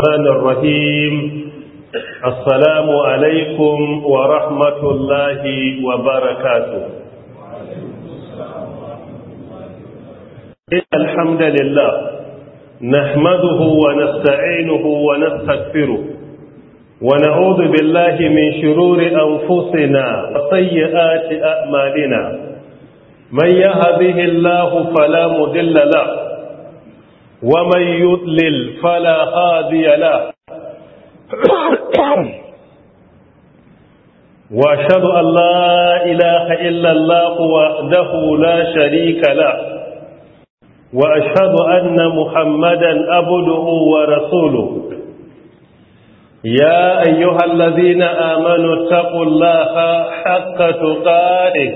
الرحمن الرحيم السلام عليكم ورحمة الله وبركاته إن الحمد لله نحمده ونستعينه ونستغفره ونعوذ بالله من شرور أنفسنا وسيئات أعمالنا من يهده الله فلا مذل له ومن يضلل فلا هادي له واشهد ان لا اله الا الله وحده لا شريك له واشهد ان محمدا عبده ورسوله يا ايها الذين امنوا اتقوا الله حق تقاته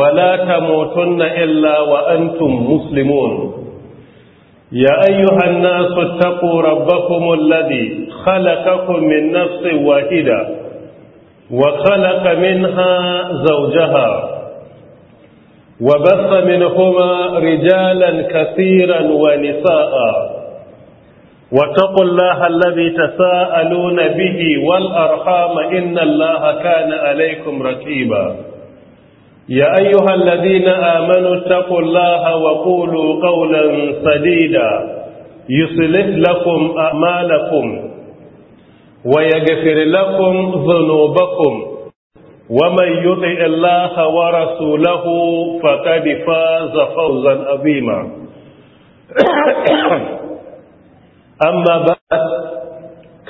ولا تموتن الا وانتم مسلمون يا أيها الناس اتقوا ربكم الذي خلقكم من نفس واحدة وخلق منها زوجها وبث منهما رجالا كثيرا ونساء واتقوا الله الذي تساءلون به والأرحام إن الله كان عليكم ركيبا يا أيها الذين آمنوا اتقوا الله وقولوا قولا سديدا يصلح لكم أعمالكم ويغفر لكم ذنوبكم ومن يطع الله ورسوله فقد فاز فوزا عظيما أما بعد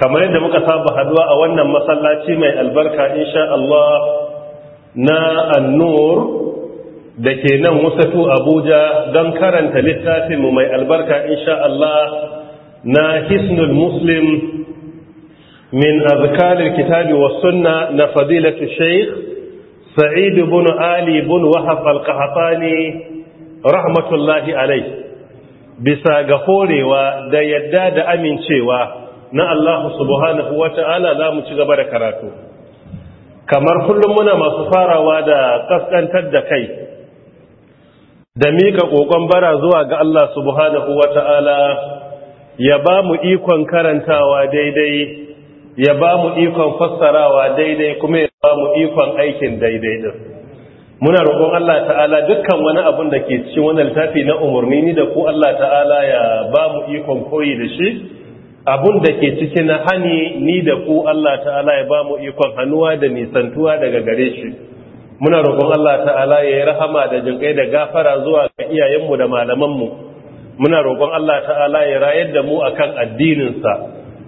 كما يدمك صاحب هدوء أولا مسلاتي من البركة إن شاء الله na annur da ke nan wasatu abuja don karanta littafinmu mai albarka in sha Allah na hisnul muslim min azkarar kitabi wa sunna na fadilatu sheikh sa'idu bin ali bin wahab alkahatani rahmatullahi alai bisa ga horewa da yadda da amincewa na Allah subhanahu wa ta'ala za mu ci gaba da karatu kamar kullum muna masu farawa da kaskantar da kai da mika kokon bara zuwa ga Allah subhanahu wata'ala ya ba mu ikon karantawa daidai ya ba mu ikon fassarawa daidai kuma ya ba mu ikon aikin daidai din muna roƙon Allah ta'ala dukkan wani abun da ke cikin wannan littafi na umarni ni da ku Allah ta'ala ya ba mu ikon koyi da shi abun da ke cikin hani ni da ku Allah ta'ala ya ba mu ikon hannuwa da nisantuwa daga gare shi muna roƙon Allah ta'ala ya yi rahama da jinƙai da gafara zuwa ga iyayenmu da malamanmu muna roƙon Allah ta'ala ya rayar da mu akan addininsa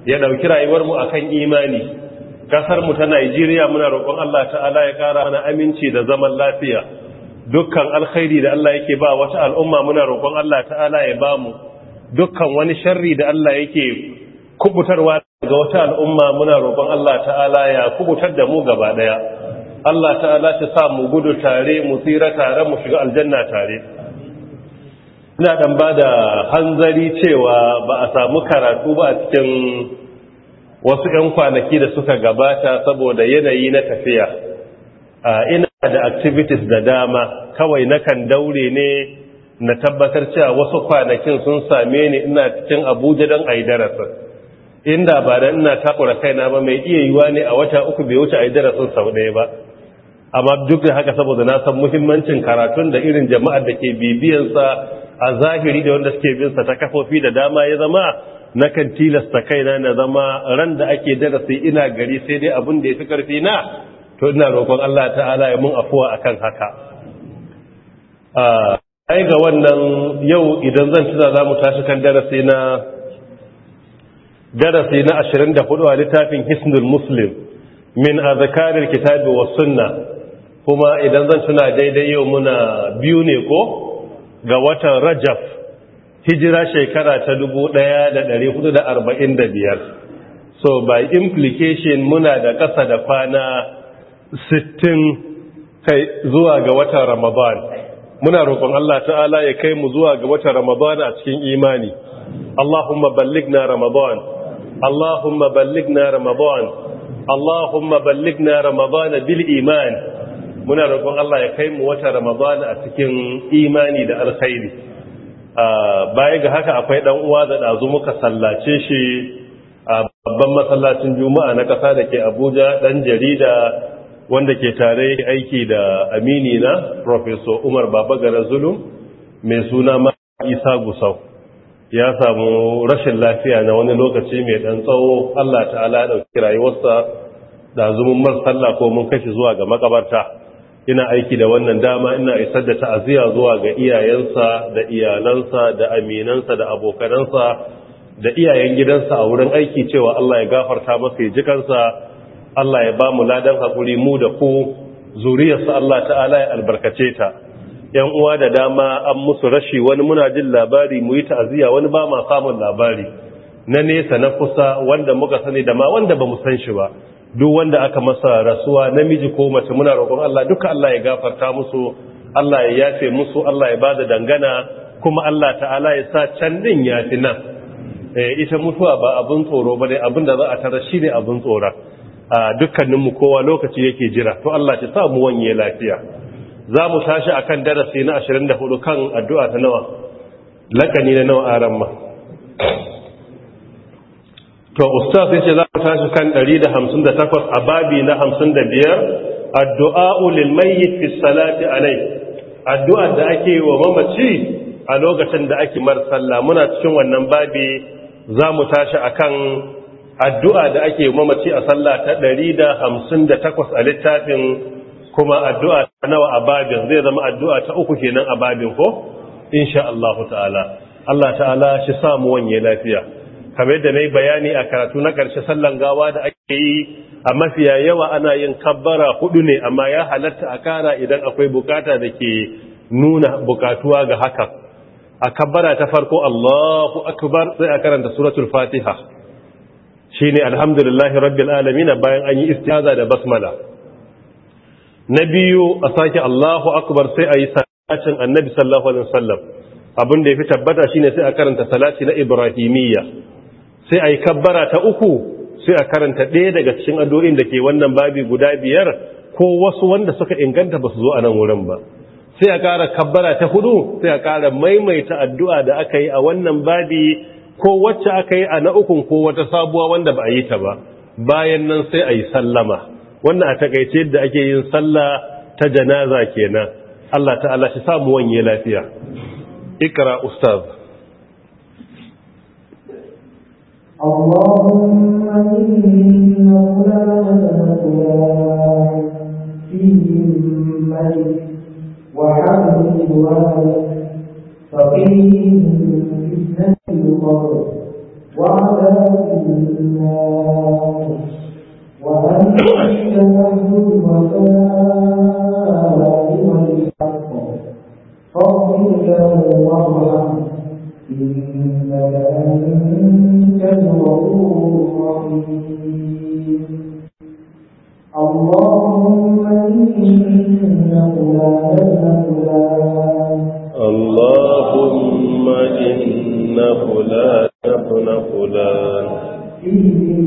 ya ɗauki rayuwarmu akan imani ƙasarmu ta Najeriya muna roƙon Allah ta'ala ya ƙara mana aminci da zaman lafiya dukkan alkhairi da Allah yake ba wata al'umma muna roƙon Allah ta'ala ya ba mu dukkan wani sharri da Allah yake kubutarwa daga wata al'umma muna roƙon Allah ta'ala ya kubutar da mu gaba ɗaya Allah ta'ala ta sa mu gudu tare mu tsira tare mu shiga aljanna tare ina ɗan ba da hanzari cewa ba a samu karatu ba a cikin wasu ‘yan kwanaki da suka gabata saboda yanayi na tafiya ina da activities da dama kawai nakan daure ne na tabbatar cewa wasu kwanakin sun same ni ina cikin abuja don a yi darasin. inda ba da ina takura kaina ba mai iya yiwa ne a wata uku bai wuce a yi darasin sau ɗaya ba amma duk da haka saboda na san muhimmancin karatun da irin jama'ar da ke bibiyansa a zahiri da wanda suke binsa ta kafofi da dama ya zama na kan tilasta kaina na zama ran da ake darasi ina gari sai dai abin da ya fi karfi na to ina roƙon Allah ta'ala ya mun afuwa akan haka ah, ai ga wannan yau idan zan tuna za mu tashi kan darasi na darasi na 24 a littafin hisnul muslim min azkarir kitabi wa sunna kuma idan zan tuna daidai yau muna biyu ne ko ga watan rajab hijira shekara ta 1445 so by implication muna da ƙasa da kwana 60 kai zuwa ga watan ramadan muna roƙon Allah ta'ala ya kai mu zuwa ga watan Ramadan a cikin imani Allahumma ballighna Ramadan اللهم بلغنا رمضان اللهم بلغنا رمضان بالإيمان muna roƙon Allah ya kai mu wata Ramadana a cikin imani da alkhairi baya ga haka akwai dan uwa da dazu muka sallace shi a babban masallacin Juma'a na ƙasa da ke Abuja dan jarida wanda ke tare aiki da amini na Professor Umar Babagara Zulum mai suna ma Isa Gusau ya samu rashin lafiya na wani lokaci mai dan tsawo Allah ta'ala dauki rayuwarsa da zumun mar sallah ko mun kashi zuwa ga makabarta ina aiki da wannan dama ina isar da ta'aziyya zuwa ga iyayensa da iyalansa da aminansa da abokanansa da iyayen gidansa a wurin aiki cewa Allah ya gafarta masa ya jikansa Allah ya ba mu ladan hakuri mu da ku zuriyarsa Allah ta'ala ya albarkace ta yan uwa da dama an musu rashi wani muna jin labari mu yi ta'aziyya wani ba ma samun labari na nesa na kusa wanda muka sani da ma wanda ba mu san shi ba duk wanda aka masa rasuwa namiji ko mace muna roƙon Allah duka Allah ya gafarta musu Allah ya yafe musu Allah ya bada dangana kuma Allah ta'ala ya sa can din fi nan eh, ita mutuwa ba abin tsoro bane abin da za a tara ne abin tsora ah, dukkaninmu kowa lokaci yake jira to Allah ya sa mu wanye lafiya za mu tashi a kan darasi na 24 kan addu'a ta nawa lakani na nawa aran ma to ustaz sai ce za mu tashi kan 158 a babi na 55 addu'a ulil yi fi salati nai addu'a da ake yi wa mamaci a lokacin da ake marsalla sallah muna cikin wannan babi za mu tashi a kan addu'a da ake yi wa mamaci a sallah ta 158 a littafin kuma addu'a nawa a babin zai zama addu'a ta uku kenan a babin ko insha Allah ta'ala Allah ta'ala shi samu wanye lafiya kamar yadda na bayani a karatu na ƙarshe sallan gawa da ake yi a mafiya yawa ana yin kabbara hudu ne amma ya halatta a kara idan akwai bukata da ke nuna bukatuwa ga haka a kabbara ta farko Allahu akbar sai a karanta suratul fatiha shine alhamdulillahi rabbil alamin bayan an yi istiaza da basmala na biyu a sake Allahu akbar sai a yi annabi sallallahu alaihi wasallam abin da ya fi tabbata shine sai a karanta salati na ibrahimiyya sai a yi kabbara ta uku sai a karanta ɗaya daga cikin addu'o'in da ke wannan babi guda biyar ko wasu wanda suka inganta ba su zo a nan wurin ba sai a kara kabbara ta hudu sai a kara maimaita addu'a da aka yi a wannan babi ko wacce aka yi a na ukun ko wata sabuwa wanda ba a yi ta ba bayan nan sai a yi sallama wannan a takaice da ake yin sallah ta janaza kenan Allah ta'ala shi samu wanye lafiya ikra ustaz Allahumma إن أولادك فيهم وأن له الوفاء والحق فاغفر له وارحمه إنك الغفور الرحيم اللهم إنه لا تنقل اللهم إنه لا تنقل إن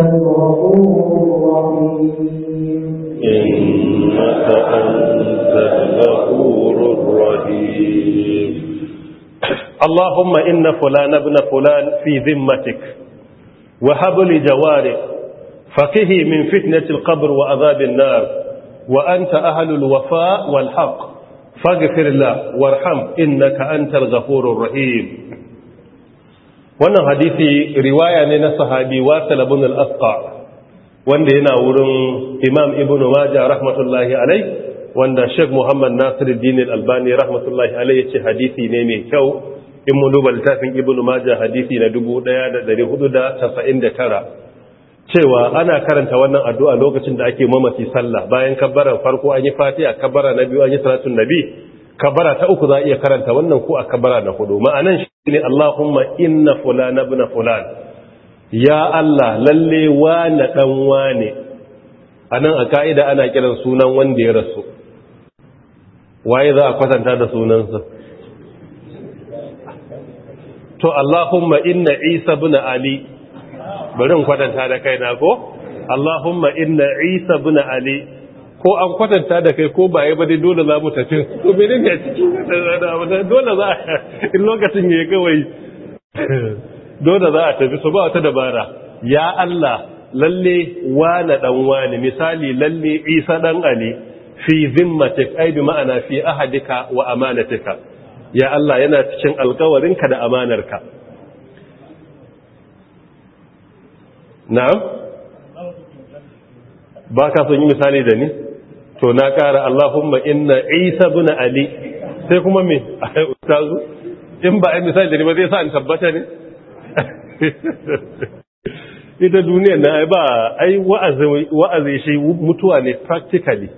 الرحيم إنك أنت الغفور الرحيم اللهم إن فلان ابن فلان في ذمتك وهب لجواره فقه من فتنة القبر وعذاب النار وأنت أهل الوفاء والحق فاغفر له وارحم إنك أنت الغفور الرحيم wannan hadisi riwaya ne na sahabi wasal ibn al-asqa wanda yana wurin imam ibnu majah rahmatullahi alai wanda sheikh muhammad nasiruddin al-albani rahmatullahi alai yace hadisi ne mai kyau in mun duba littafin ibnu majah hadisi na 1499 cewa ana karanta wannan addu'a lokacin da ake mamaci sallah bayan kabbaran farko an yi fatiha kabbara na biyu an yi salatun nabi kabara ta uku za a iya karanta wannan ko a kabara na hudu ma'anan shi ne Allahumma inna fulan ibn fulan ya Allah lalle wani dan wane anan a kaida ana kiran sunan wanda ya rasu waye za a kwatanta da sunansa to Allahumma inna Isa ibn Ali bari in kwatanta da kaina ko Allahumma inna Isa ibn Ali ko an kwatanta da kai ko ba yi ba dole za mu tafi to me ne ciki dole za in lokacin ya kawai dole za a tafi su ba ta dabara ya Allah lalle wala dan wani misali lalle Isa dan Ali fi zimmatik ai bi ma'ana fi ahadika wa amanatika ya Allah yana cikin alƙawarinka da amanarka na'am ba ka son yi misali da ni to na ƙara Allahumma inna Isa bin Ali sai kuma me ai ustazu in ba ai misali da ba zai sa in tabbata ne ita duniya na ai ba ai wa'azi wa'azi shi mutuwa ne practically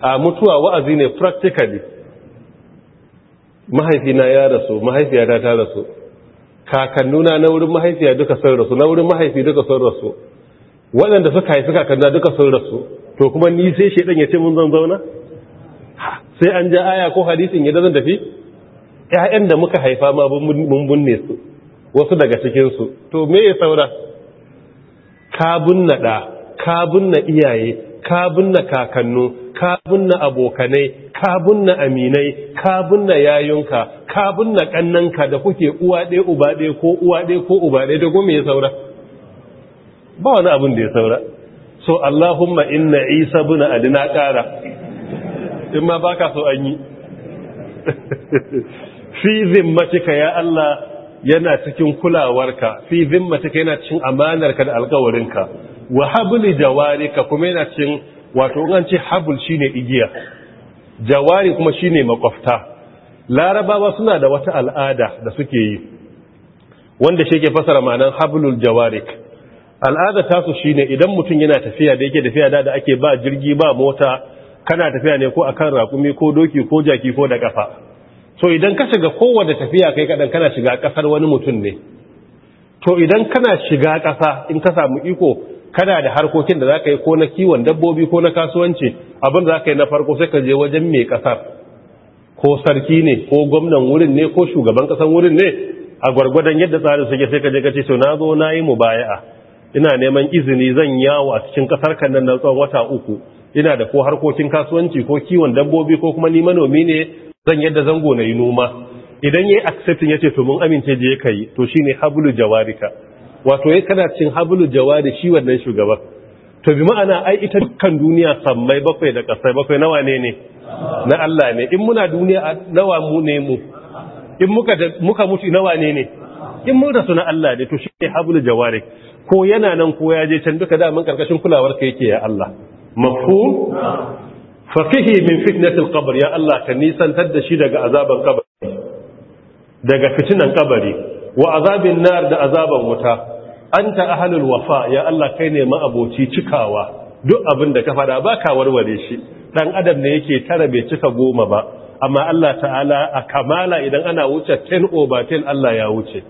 a mutuwa wa'azi ne practically mahaifina ya rasu mahaifiyata ta rasu kakannuna na wurin mahaifiya duka sun rasu na wurin mahaifi duka sun rasu waɗanda suka haifi kakannuna duka sun rasu to kuma ni sai shaidan ya ce mun zan zauna sai an ja aya ko hadisin yadda zan tafi ƴaƴan da muka haifa ma mun bunne su wasu daga cikin su to me ya saura ka bunna da ka bunna iyaye ka bunna kakannu ka bunna abokanai ka bunna aminai ka bunna yayunka ka bunna kannanka da kuke uwa ɗaya uba ɗaya ko uwa ɗaya ko uba ɗaya da ya saura ba wani abin da ya saura so Allahumma inna Isa bin Ali na ƙara in ma baka so an yi fi zimmatika ya Allah yana cikin kulawarka fi zimmatika yana cikin amanarka da alƙawarinka wa habli jawarika kuma yana cikin wato an ce habul shine igiya jawari kuma shine makwafta larabawa suna da wata al'ada da suke yi wanda shi ke fasara ma'anar hablul jawarik al'ada tasu shine idan mutum yana tafiya da yake tafiya da ake ba jirgi ba mota kana tafiya ne ko a kan rakumi ko doki ko jaki ko da ƙafa to idan ka shiga kowane tafiya kai kadan kana shiga ƙasar wani mutum ne to idan kana shiga ƙasa in ka samu iko kana da harkokin da za ka yi ko na kiwon dabbobi ko na kasuwanci abin da ka yi na farko sai ka je wajen mai kasar ko sarki ne ko gwamnan wurin ne ko shugaban kasan wurin ne a gwargwadon yadda tsarin suke sai ka je ka ce to na zo na yi mubaya'a ina neman izini zan yawo a cikin kasar kan nan na tsawon wata uku ina da ko harkokin kasuwanci ko kiwon dabbobi ko kuma ni manomi ne zan yadda zango na yi noma idan ya yi accepting ce to mun amince je kai to shine hablu jawarika wato ya kana cin habulu jawari shi wannan shugaba to bi ma'ana ai ita dukkan duniya sammai bakwai da kasai bakwai nawa ne ne na Allah ne in muna duniya nawa mu ne mu in muka muka mutu nawa ne ne in mun rasu na Allah ne to shine habulu jawari ko yana nan ko ya je can duka daman karkashin kulawar yake ya Allah mafhum faqihi min fitnatil qabr ya Allah ka nisantar da shi daga azaban kabari daga fitinan kabari wa azabin nar da azaban wuta anta ahlul wafa ya Allah kai ne ma'aboci cikawa duk abin da ka fada baka warware shi dan adam ne yake tara bai cika goma ba amma Allah ta'ala a kamala idan ana wuce 10 over 10 Allah ya wuce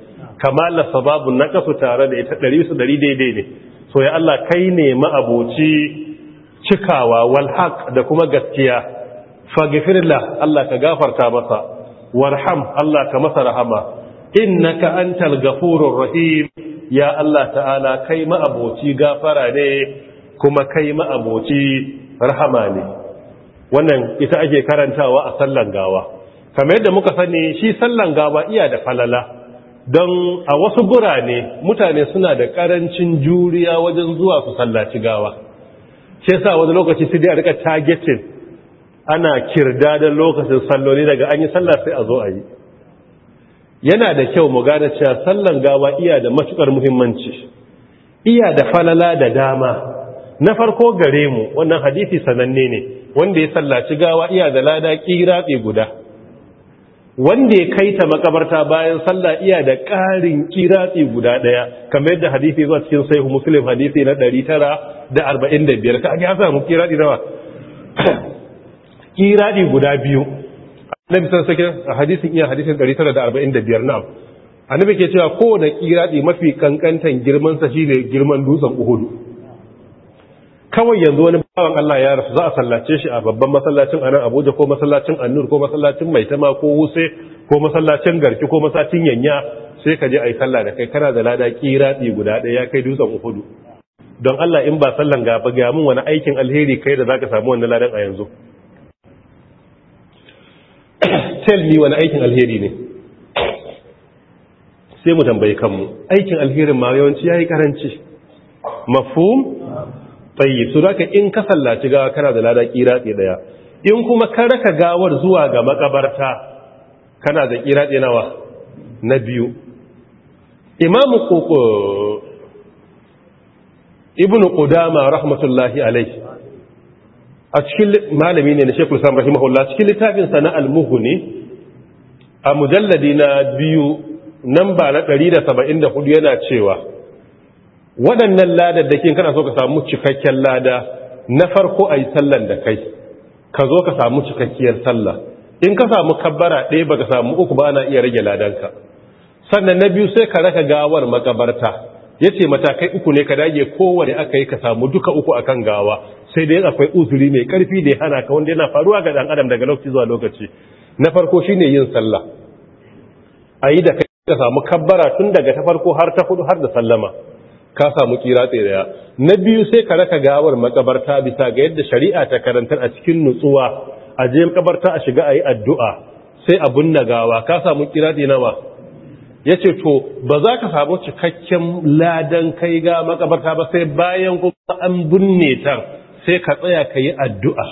kamala sababu na ƙasa tare da ita ɗari su ɗari daidai ne so ya Allah kai ne ma'aboci cikawa walhaq da kuma gaskiya faghfirlah Allah ka gafarta masa warham Allah ka masa rahama innaka antal ghafurur rahim ya Allah ta'ala kai ma'aboci gafara ne kuma kai ma'aboci rahama ne wannan ita ake karantawa a sallan gawa kamar yadda muka sani shi sallan gawa iya da falala don a wasu burane mutane suna da karancin juriya wajen zuwa su sallaci gawa ce sa wani lokaci su dai a rika targetin ana kirda da lokacin salloli daga an yi sallar sai a zo a yi yana da kyau mu gane cewa sallan gawa iya da matukar muhimmanci iya da falala da dama na farko gare mu wannan hadisi sananne ne wanda ya sallaci gawa iya da lada kira guda wanda ya kai ta makabarta bayan sallah iya da ƙarin kiratsi guda ɗaya kamar yadda hadisi zuwa cikin sai muslim hadisi na 945 ka ga samu kiratsi nawa kiratsi guda biyu annabi sallallahu alaihi wasallam hadisin iya hadisin 945 na'am annabi ke cewa kowane kiratsi mafi kankantan girmansa shi shine girman dutsen uhudu kawai yanzu wani bawan Allah ya rasu za a sallace shi a babban masallacin anan Abuja ko masallacin Annur ko masallacin Maitama ko Wuse ko masallacin Garki ko masallacin Yanya sai ka je yi sallah da kai kana da lada kiradi guda ɗaya kai dutsen uhudu don Allah in ba sallan gaba ga mun wani aikin alheri kai da zaka samu wannan ladan a yanzu tell me wani aikin alheri ne sai mu tambayi kanmu aikin alherin ma yawanci yayi karanci mafhum tayyib so zaka in ka sallaci gawa kana da lada kiratse daya in kuma ka raka gawar zuwa ga makabarta kana da kiratse nawa na biyu imam koko ibn qudama rahmatullahi alayhi a cikin malami ne na Sheikhul Islam rahimahullah cikin littafin sana na al-mughni a mujalladi na biyu namba na 174 yana cewa waɗannan da ladaddakin kana so ka samu cikakken lada na farko a yi sallan da kai ka zo ka samu cikakkiyar sallah in ka samu kabbara ɗaya ba ka samu uku ba ana iya rage ladanka sannan na biyu sai ka raka gawar makabarta ya ce matakai uku ne ka dage kowane aka yi ka samu duka uku a kan gawa sai dai akwai uzuri mai ƙarfi da ya hana ka wanda yana faruwa ga ɗan adam daga lokaci zuwa lokaci na farko shi ne yin sallah a yi da kai ka samu kabbara tun daga ta farko har ta hudu har da sallama ka samu kira daya na biyu sai ka raka gawar makabarta bisa ga yadda shari'a ta karantar a cikin nutsuwa a je makabarta a shiga ayi addu'a sai a bunna gawa ka samu kira tsinawa? nawa ce to ba za ka samu cikakken ladan kai ga makabarta ba sai bayan kuma an bunne ta sai ka tsaya ka yi addu'a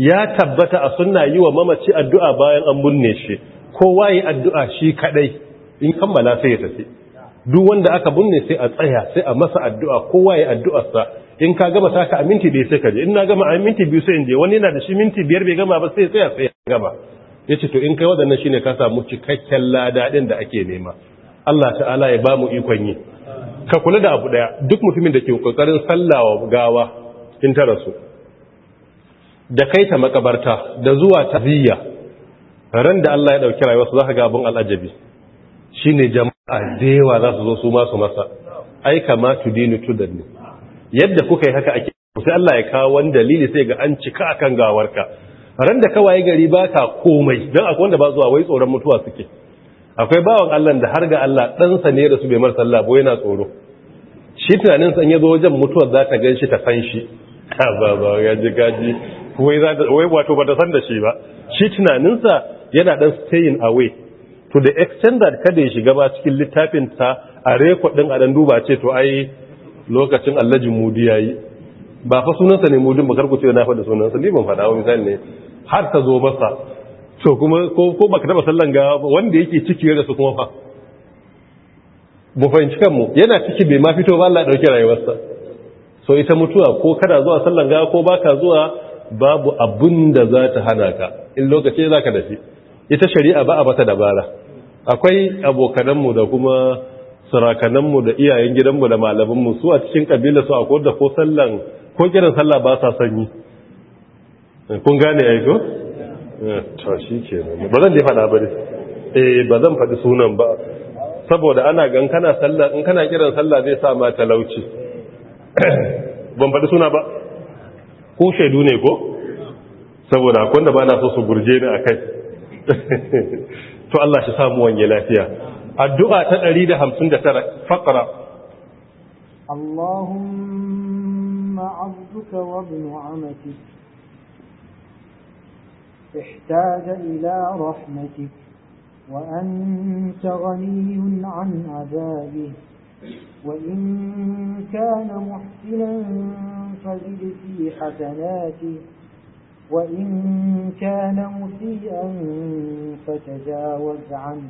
ya tabbata a suna yi wa mamaci addu'a bayan an bunne shi kowa yi addu'a shi kaɗai, in kammala sai ya tafi duk wanda aka binne sai a tsaya sai a masa addu'a kowa ya addu'arsa in ka gama saka a minti biyu sai ka je in na gama a minti biyu sai in je wani yana da shi minti biyar bai gama ba sai tsaya sai ya gama ya ce to in kai wadannan shi ne ka samu cikakken lada ɗin da ake nema Allah ta'ala ya ba mu ikon yi ka kula da abu ɗaya duk mutumin da ke kokarin sallawa gawa in ta rasu da kai ta makabarta da zuwa ta. Ziyya ran da Allah ya dauki rayuwa za ka ga abin al'ajabi shine ne jama'a adewa zasu za su zo su masu masa ai kama tudinu tudanni yadda kuka yi haka ake sai Allah ya kawo wani dalili sai ga an cika akan gawarka ran da kawai gari ba ka komai don akwai wanda ba zuwa wai tsoron mutuwa suke akwai bawan Allah da har ga Allah ɗansa ne da su bai sallah bo yana tsoro shi tunanin san ya zo wajen mutuwar za ta ganshi ta san shi ba ba gaji gaji wai wato ba ta san da shi ba shi tunaninsa yana dan staying away to da extender kada ya shiga ba cikin littafin ta a record din a dan duba ce to ai lokacin allajin mudi yayi ba fa sunansa ne mudin ba karku ce na faɗa sunansa ni ban faɗa ba misali ne har ta zo masa to kuma ko ko baka taba sallan ga wanda yake ciki ya su kuma fa mu fahimci kanmu yana ciki bai ma fito ba Allah ya dauke rayuwarsa so ita mutuwa ko kada zuwa sallan ga ko baka zuwa babu abun da za ta hana ka in lokaci za ka dafi ita shari'a ba a bata dabara akwai abokananmu da kuma sarakananmu da iyayen gidanmu da malamanmu su a cikin kabila su akwai da ko sallan ko kiran sallah ba sa sanyi kun gane ya yi ko? Eh, ta shi ke ba zan da faɗa ba ne eh ba zan faɗi sunan ba saboda ana gan kana sallah in kana kiran sallah zai sa ma talauci ban faɗi suna ba ko shaidu ne ko saboda akwai da ba na so su gurje ni a kai to Allah shi samu wanye lafiya addu'a ta 159 faqra Allahumma 'abduka wa ibn 'amatik ihtaja ila rahmatik wa anta ghaniyun 'an 'adabih وإن كان محسنا فزد في حسناته وإن كان مسيئا فتجاوز عنه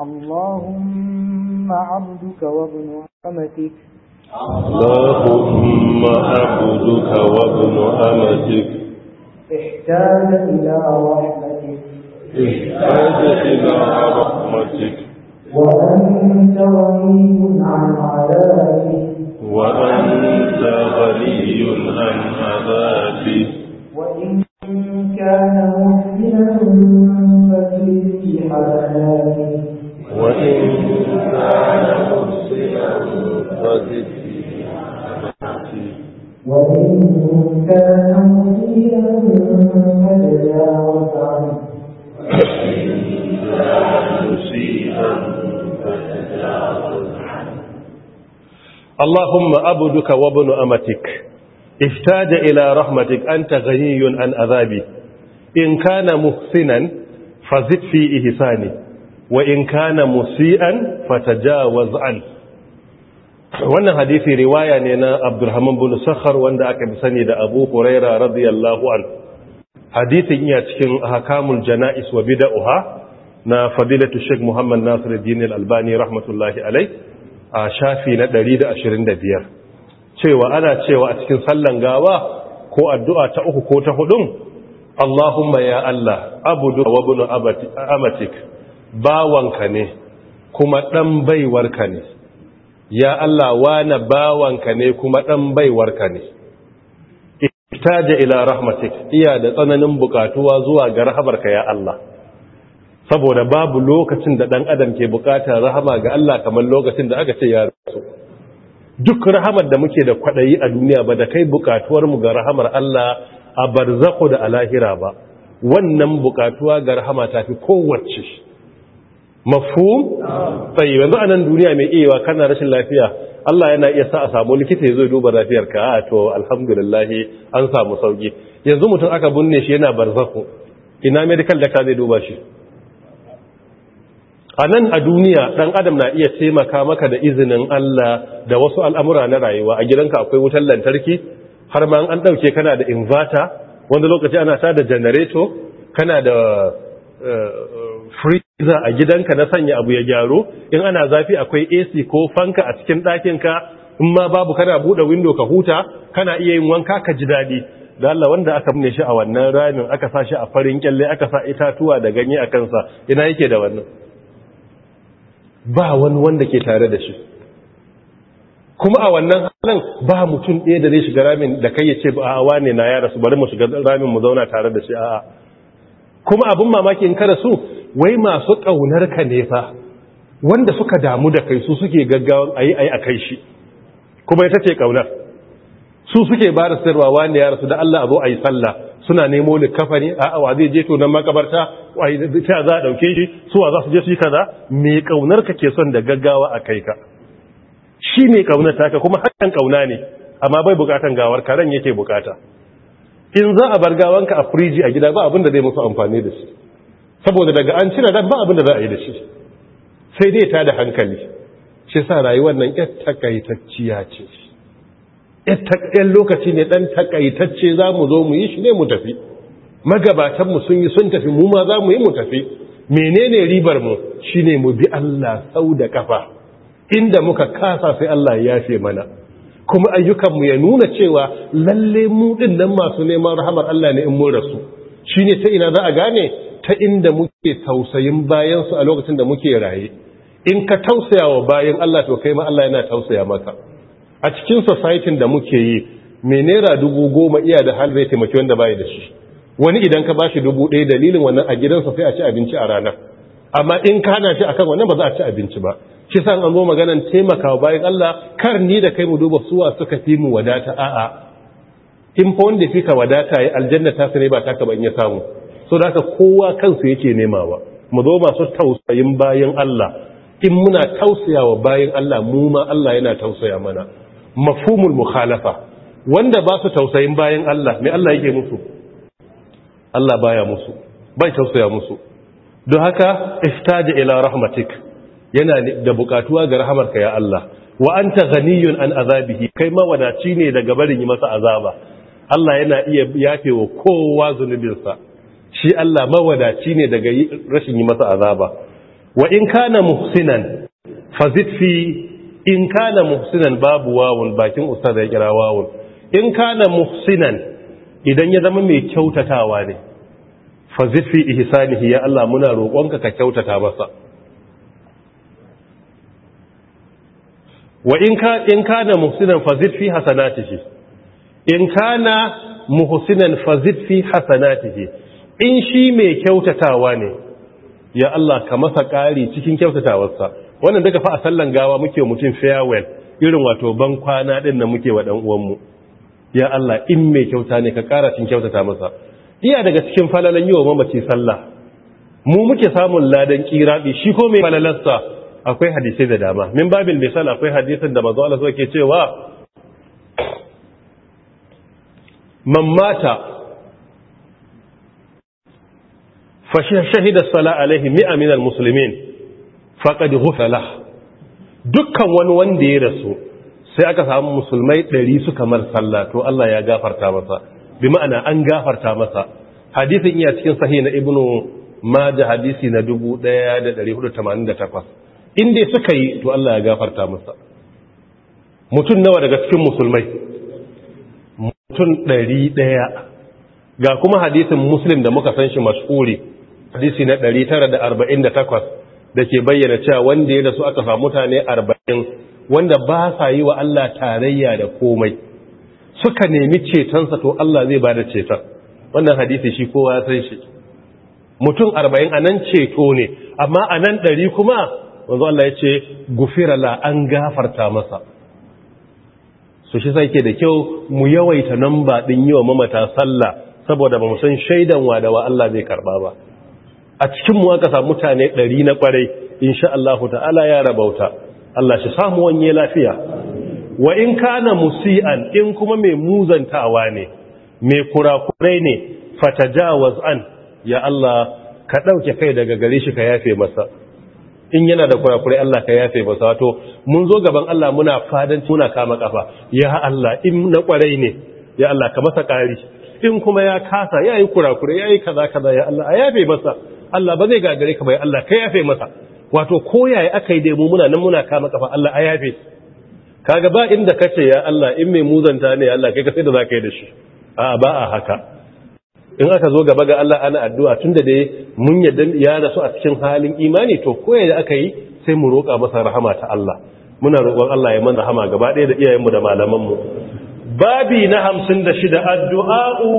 اللهم عبدك وابن أمتك اللهم عبدك وابن أمتك احتاج إلى رحمتك احتاج إلى رحمتك وأنت غني عن عذابه وأنت غني عن عذابي وإن كان محسنا ففي حسناته وإن كان محسنا فزد وإن كان مسيئا فتجاوز عنه وإن كان مسيئا اللهم أبدك وابن أمتك احتاج إلى رحمتك أنت غني عن أذابي إن كان محسنا فزد في إحساني وإن كان مسيئا فتجاوز عنه wannan hadisi riwaya ne na Abdulrahman bin Sakhar wanda aka bi sani da Abu Huraira radiyallahu an hadisin iya cikin ahkamul jana'is wa bid'ah na fadilatu sheik muhammad nasir al albani rahmatullahi alai a shafi na 125 cewa ana cewa a cikin sallan gawa ko addu'a ta uku ko ta hudun Allahumma ya Allah abudu wa bunu amatik bawanka ne kuma dan baiwarka ne ya Allah wana bawanka ne kuma dan baiwarka ne iftaja ila rahmatik iya da tsananin bukatuwa zuwa ga rahabarka ya Allah saboda babu lokacin da ɗan adam ke bukatar rahama ga Allah kamar lokacin da aka ce ya rasu duk rahamar da muke da kwaɗayi a duniya ba da kai mu ga rahamar Allah a barzako da alahira ba wannan bukatuwa ga rahama ta fi kowace mafhum sai yanzu a nan duniya mai iya kana rashin lafiya Allah yana iya sa a samu likita ya zo duba lafiyarka a to alhamdulillah an samu sauki yanzu mutum aka binne shi yana barzako ina medical da ka zai duba shi a nan a duniya ɗan adam na iya taimaka maka da izinin Allah da wasu al'amura na rayuwa a gidanka akwai wutar lantarki har ma an ɗauke kana da invata wanda lokaci ana sa da janareto kana da eh, freezer a gidanka na sanya abu ya gyaro in ana zafi akwai ac ko fanka a cikin ɗakinka in ma babu kana buɗe window ka huta kana iya yin wanka ka ji daɗi da Allah wanda aka mune shi a wannan ramin aka sa shi a farin kyalle aka sa itatuwa da ganye a kansa ina yake da wannan ba wani wanda ke tare da shi kuma a wannan halin ba mutum ɗaya da zai shiga ramin da kai ya ce ba a wane na ya rasu bari mu shiga ramin mu zauna tare da shi a kuma abin mamaki in ka rasu wai masu ƙaunar ka ne fa wanda suka damu da kai su suke gaggawan ayi ayi a kai shi kuma ita ce ƙaunar su suke ba da sayarwa wane ya rasu da Allah abu zo a yi sallah suna nemo kafani a wa zai je tonon makabarta ta za a ɗauke shi suwa za su je su yi kaza mai kaunar ka ke son da gaggawa a kai ka shi ne ta ka kuma hakan kauna ne amma bai bukatan gawar karen yake bukata in za a bar gawanka a firiji a gida ba abin da zai musu amfani da shi saboda daga an cina da ba abin da za a yi da shi sai dai ta da hankali shi sa rayuwar nan ƴar takaitacciya ce ɗan lokaci ne ɗan takaitacce za mu zo mu yi shi ne mu tafi magabatanmu sun yi sun tafi mu ma za mu yi mu tafi menene ribar mu shi ne mu bi Allah sau da kafa inda muka kasa sai Allah ya yafe mana kuma ayyukanmu ya nuna cewa lalle mu ɗin nan masu neman rahamar Allah ne in mun rasu shi ne ta ina za a gane ta inda muke tausayin bayansu a lokacin da muke raye in ka tausaya wa bayan Allah to kai ma Allah yana tausaya maka a cikin society da muke yi mai naira dubu goma iya da hal zai taimaki wanda baya da shi wani idan ka bashi dubu ɗaya dalilin wannan a gidansa sai a ci abinci a ranar amma in ka hana shi akan wannan ba za a ci abinci ba shi san an zo maganan taimaka bayan Allah kar ni da kai mu duba suwa suka fi mu wadata a'a in fa wanda fika wadata ya aljanna ta sare ba taka ba in ya samu so da kowa kansu yake nemawa mu zo masu tausayin bayan Allah in muna tausayawa bayan Allah mu ma Allah yana tausaya mana mafhumul mukhalafa wanda ba su tausayin bayan Allah mai Allah yake musu Allah baya musu bai tausaya musu don haka istaja ila rahmatik yana da bukatuwa ga rahamarka ya Allah wa anta ghaniyun an azabihi kai ma wadaci ne daga barin yi masa azaba Allah yana iya yafewa kowa zunubinsa shi Allah mawadaci ne daga rashin yi masa azaba wa in kana muhsinan fazid fi in kana muhsinan babu wawun bakin ustaz ya kira wawun in kana muhsinan idan ya zama mai kyautatawa ne fazid fi ihsanihi ya Allah muna roƙonka ka kyautata masa wa in ka in kana muhsinan fazid fi hasanatihi in kana muhsinan fazid fi hasanatihi in shi mai kyautatawa ne ya Allah ka masa ƙari cikin kyautatawarsa wannan daga fa a sallan gawa muke mutum farewell irin wato ban kwana din da muke wa dan uwanmu ya Allah in mai kyauta ne ka ƙara cin kyautata masa iya daga cikin falalan yi wa mamaci sallah mu muke samun ladan kirabi shi ko mai falalarsa akwai hadisai da dama min babil misal akwai hadisin da manzo Allah yake cewa man mata fa shahida salla alaihi mi'a minal muslimin da hufala dukkan wani wanda ya rasu sai aka samu musulmai ɗari su kamar sallah to Allah ya gafarta masa bi ma'ana an gafarta masa hadisin iya cikin sahi na ibnu maja hadisi na 1488 inda suka yi to Allah ya gafarta masa mutum nawa daga cikin musulmai mutum ɗari ɗaya ga kuma hadisin muslim da muka san shi mashuri hadisi na 948 da ke bayyana cewa wanda ya rasu aka samu mutane arba'in wanda ba sa yi wa Allah tarayya da komai suka nemi cetonsa to Allah zai ba da ceton wannan hadisi shi kowa ya san shi mutum arba'in a nan ceto ne amma anan nan ɗari kuma wanzu Allah ya ce gufirala an gafarta masa su shi sai ke da kyau mu yawaita nan ba ɗin yi wa mamata sallah saboda ba mu san shaidan wa da wa Allah zai karɓa ba a cikin mu aka samu mutane ɗari na kwarai insha Allah ta'ala ya rabauta Allah shi samu wanye lafiya wa in kana musian in kuma mai muzantawa ne mai kurakurai ne fatajawaz an ya Allah ka dauke kai daga gare shi ka yafe masa in yana da kurakurai Allah ka yafe masa wato mun zo gaban Allah muna fadan tuna kama kafa ya Allah in na kwarai ne ya Allah ka masa kari in kuma ya kasa yayi kurakurai yayi kaza kaza ya Allah a yafe masa Allah ba zai gagare ka bai Allah kai yafe masa wato ko akayi da mu muna nan muna kama kafa Allah a yafe kaga ba inda kace ya Allah in mai muzanta ne Allah kai ka sai da zaka yi da shi a ba a haka in aka zo gaba ga Allah ana addu'a tunda dai mun yadda ya rasu a cikin halin imani to ko yaya aka sai mu roƙa masa rahama ta Allah muna roƙon Allah ya mana rahama gaba ɗaya da iyayenmu da mu babi na 56 addu'a'u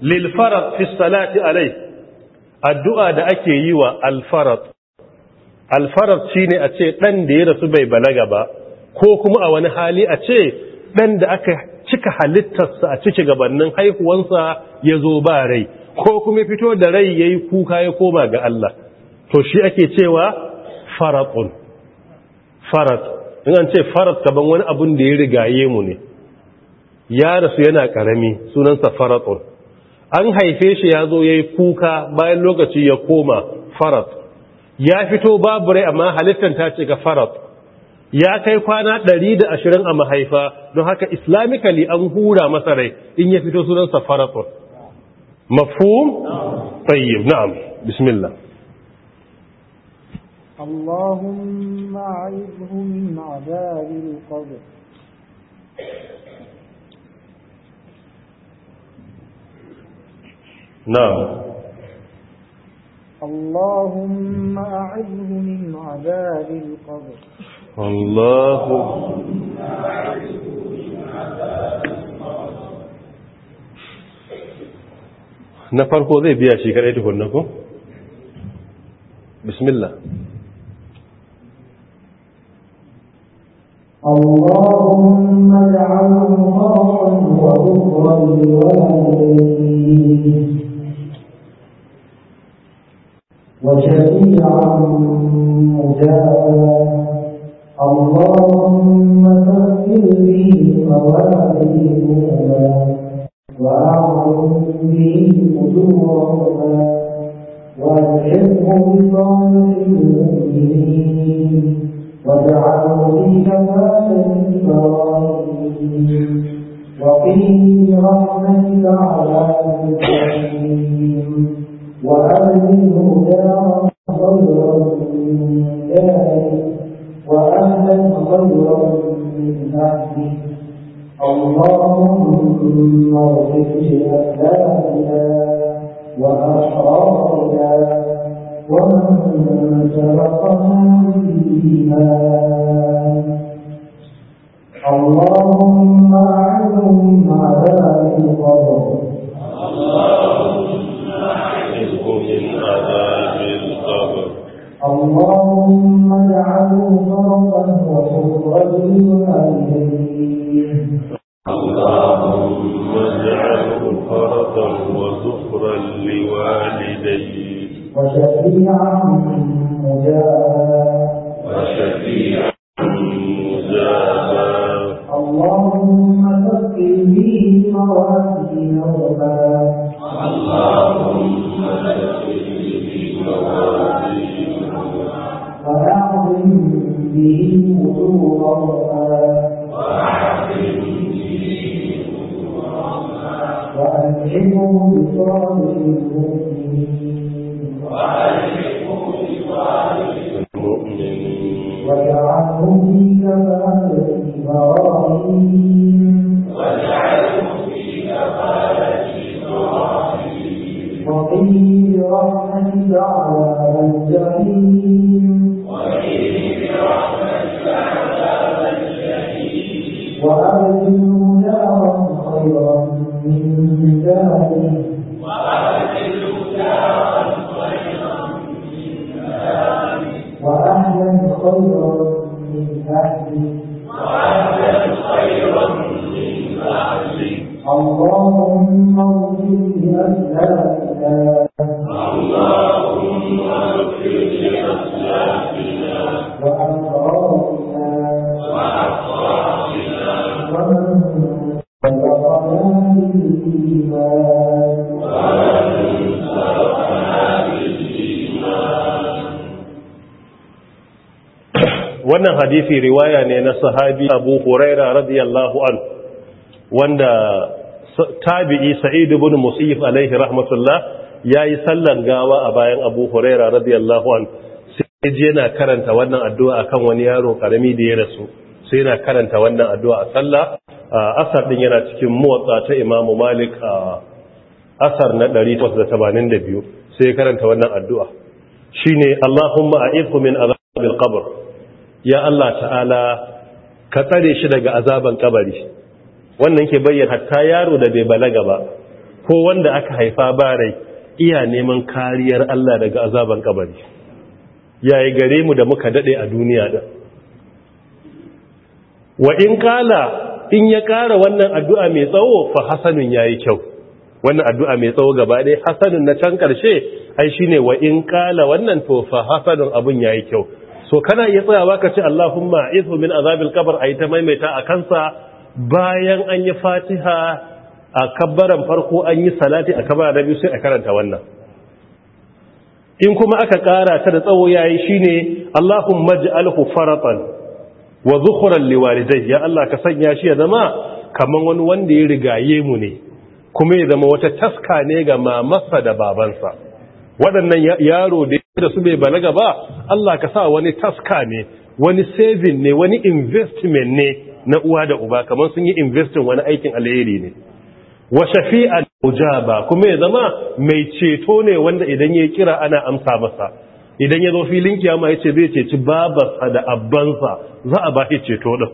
lil farad fi salati alayhi addu'a da ake yi wa alfarat alfarat shi ne a ce ɗan da ya rasu bai balaga ba ko kuma a wani hali a ce ɗan da aka cika halittarsa a ciki gabannin haihuwansa ya zo ba rai ko kuma fito da rai ya yi kuka ya koma ga Allah to shi ake cewa faratun farat in an ce farat kaban wani abun da ya rigaye mu ne ya rasu yana ƙarami sunansa faratun an haife shi ya zo ya yi kuka bayan lokaci ya koma farat ya fito babu rai amma halittar ta ce ga farat ya kai kwana 120 a mahaifa don haka islamikali an hura masa rai in ya fito sunansa faratun mafhum tayyib na'am bismillah اللهم أعذه من عذاب القبر نعم اللهم أعذه من عذاب القبر اللهم أعذه من عذاب القبر نفرقو ذي بياشي كريتكم بسم الله اللهم اجعله مرضا وذكرا لوالديه وشفيعا مجابا اللهم فاغفر لي مواليهما وأعظم به أجورهما وألحقه بطاعة المؤمنين واجعله في شفاعة إبراهيم وقيل برحمتك على المتقين وأمنه دارا خيرا من داره وأهلا خيرا من أهله اللهم اغفر لأبائنا وأشرارنا ومن سبقنا بالإيمان اللهم أعلم عذاب القبر اللهم عذاب القبر اللهم اجعله فرقا وحفظا اللهم اجعله فرقا وسخرا لوالديه وشفيعا مجاهدا وشفيعا بهم وجوههما وأنعموا بصالح المؤمنين hadisi riwaya ne na sahabi abu huraira radiyallahu an wanda tabi'i sa'id ibn musif alaihi rahmatullah yayi sallan gawa a bayan abu huraira radiyallahu an sai je yana karanta wannan addu'a akan wani yaro karami da ya rasu sai yana karanta wannan addu'a a sallah asar din yana cikin muwatsa ta imamu malik a asar na 882 sai karanta wannan addu'a shine allahumma a'idhu min azabil qabr ya Allah ta'ala ka tsare shi daga azaban kabari wannan ke bayyana hatta yaro da bai balaga ba ko wanda aka haifa ba rai iya neman kariyar Allah daga azaban kabari yayi gare mu da muka dade a duniya da wa in kala in ya kara wannan addu'a mai tsawo fa hasanun yayi kyau wannan addu'a mai tsawo gaba dai hasanun na can karshe ai shine wa in kala wannan to fa hasanun abun yayi kyau so kana iya tsayawa ka ce Allahumma izu min azabil qabr ayi ta maimaita a kansa bayan an yi Fatiha a kabbaran farko an yi salati a kabbara da biyu sai a karanta wannan in kuma aka kara ta da tsawo yayi shine Allahumma ij'alhu faratan wa zukhran liwalidayya ya Allah ka sanya shi ya zama kaman wani wanda ya rigaye mu ne kuma ya zama wata taska ne ga mamarsa da babansa waɗannan yaro da su bai balaga ba Allah ka sa wani taska ne wani saving ne wani investment ne na uwa da uba kamar sun yi investin wani aikin alheri ne wa shafi'a ba kuma ya zama mai ceto ne wanda idan ya kira ana amsa masa idan ya zo filin kiyama ya ce zai ceci babarsa da abbansa za a ba shi ceto din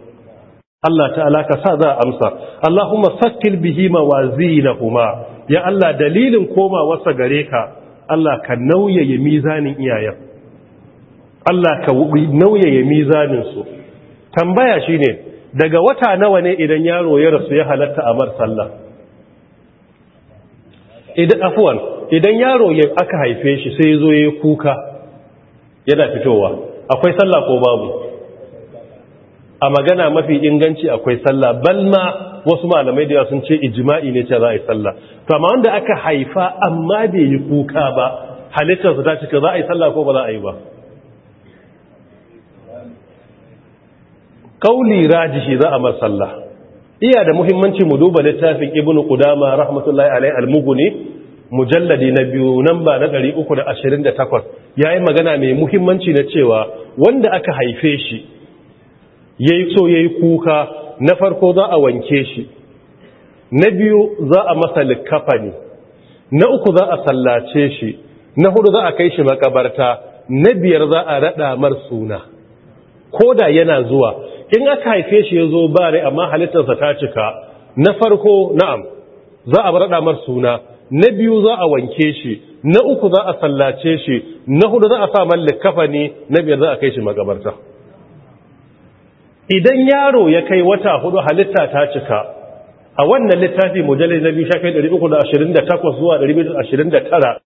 Allah ta'ala ka sa za a amsa Allahumma sakkil bihi mawazinahuma ya Allah dalilin koma wasa gare ka Allah ka nauyaye mizanin iyayen Allah ka nauyaye mizaninsu tambaya shi ne, daga wata nawa ne idan yaro ya rasu ya halatta a mar sallah idan afwan idan yaro ya aka haife shi sai zo yayi kuka yana fitowa akwai sallah ko babu a magana mafi inganci akwai sallah bal ma wasu malamai da sun ce ijma'i ne ce za a yi sallah to amma wanda aka haifa amma bai yi kuka ba su ta cika za a yi sallah ko ba za a yi ba kauli rajishi za a mar sallah iya da muhimmanci mu duba littafin ibnu qudama rahmatullahi alai almuguni ne, mujalladi na biyu ba na 328 yayi magana mai muhimmanci na cewa wanda aka haife shi yayi so yayi kuka na farko za a wanke shi na biyu za a masa likafani na uku za a sallace shi na hudu za a kai shi makabarta na biyar za a rada mar suna ko da yana zuwa in aka haife shi ya ba rai amma halittarsa ta cika na farko na'am za a rada mar suna na biyu za a wanke shi na uku za a sallace shi na hudu za a sa mallik na biyar za a kai shi makabarta idan yaro ya kai wata hudu halitta ta cika a wannan littafi mujallar na biyu shafi 328 zuwa 329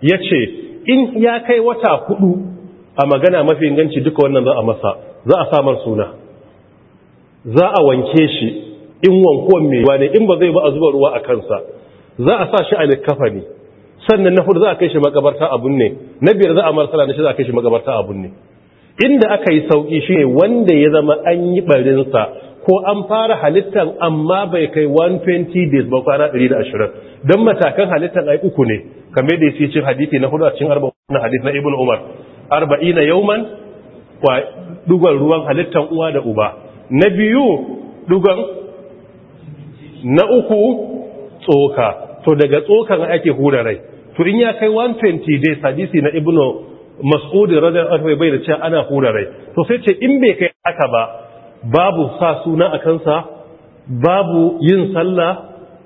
ya ce in ya kai wata hudu a magana mafi inganci duka wannan za a masa za a samar suna za a wanke shi in wankuwan mai wane in ba zai ba a zuba ruwa a kansa za a sa shi a likafani sannan na hudu za a kai shi makabarta abun ne na biyar za a marsala na shi za a kai shi makabarta abun ne inda aka yi sauki shine wanda ya zama an yi barinsa ko an fara halittar amma bai kai 120 days ba kwana 120 don matakan halittar ai uku ne kame da ce cin hadithi na hudu a cin arba'in na hadith na ibnu umar arba'ina yauman kwa dugon ruwan halittar uwa da uba na biyu dugon na uku tsoka to daga tsokan ake hura rai to in ya kai 120 days hadithi na ibnu mas'udin radiyallahu akwai bai da cewa ana hura rai to sai ce in bai kai haka ba babu sa suna a kansa babu yin sallah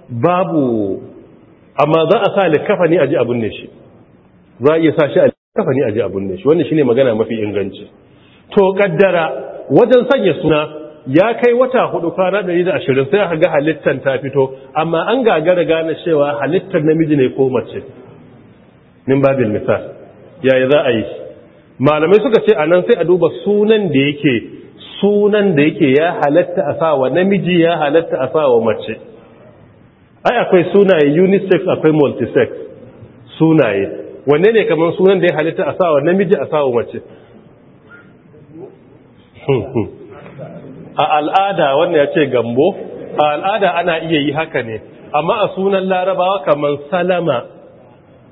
babu amma za a sa likafani aji abun ne shi za a iya sa shi a likafani aji abun ne shi wannan shine magana mafi inganci to kaddara wajen sanya suna ya kai wata hudu kwana ashirin sai aka ga halittar ta fito amma an gagara gane cewa halittar namiji ne ko mace nin babin misali yaya za a yi malamai suka ce a nan sai a duba sunan da yake sunan da yake ya halatta a sawa namiji ya halatta a sawa mace ai akwai sunaye unisex akwai multisex sunaye wanne ne kamar sunan da ya halatta a sawa namiji a sawa mace a al'ada wannan ya ce gambo a al'ada ana iya yi haka ne amma a sunan larabawa kamar salama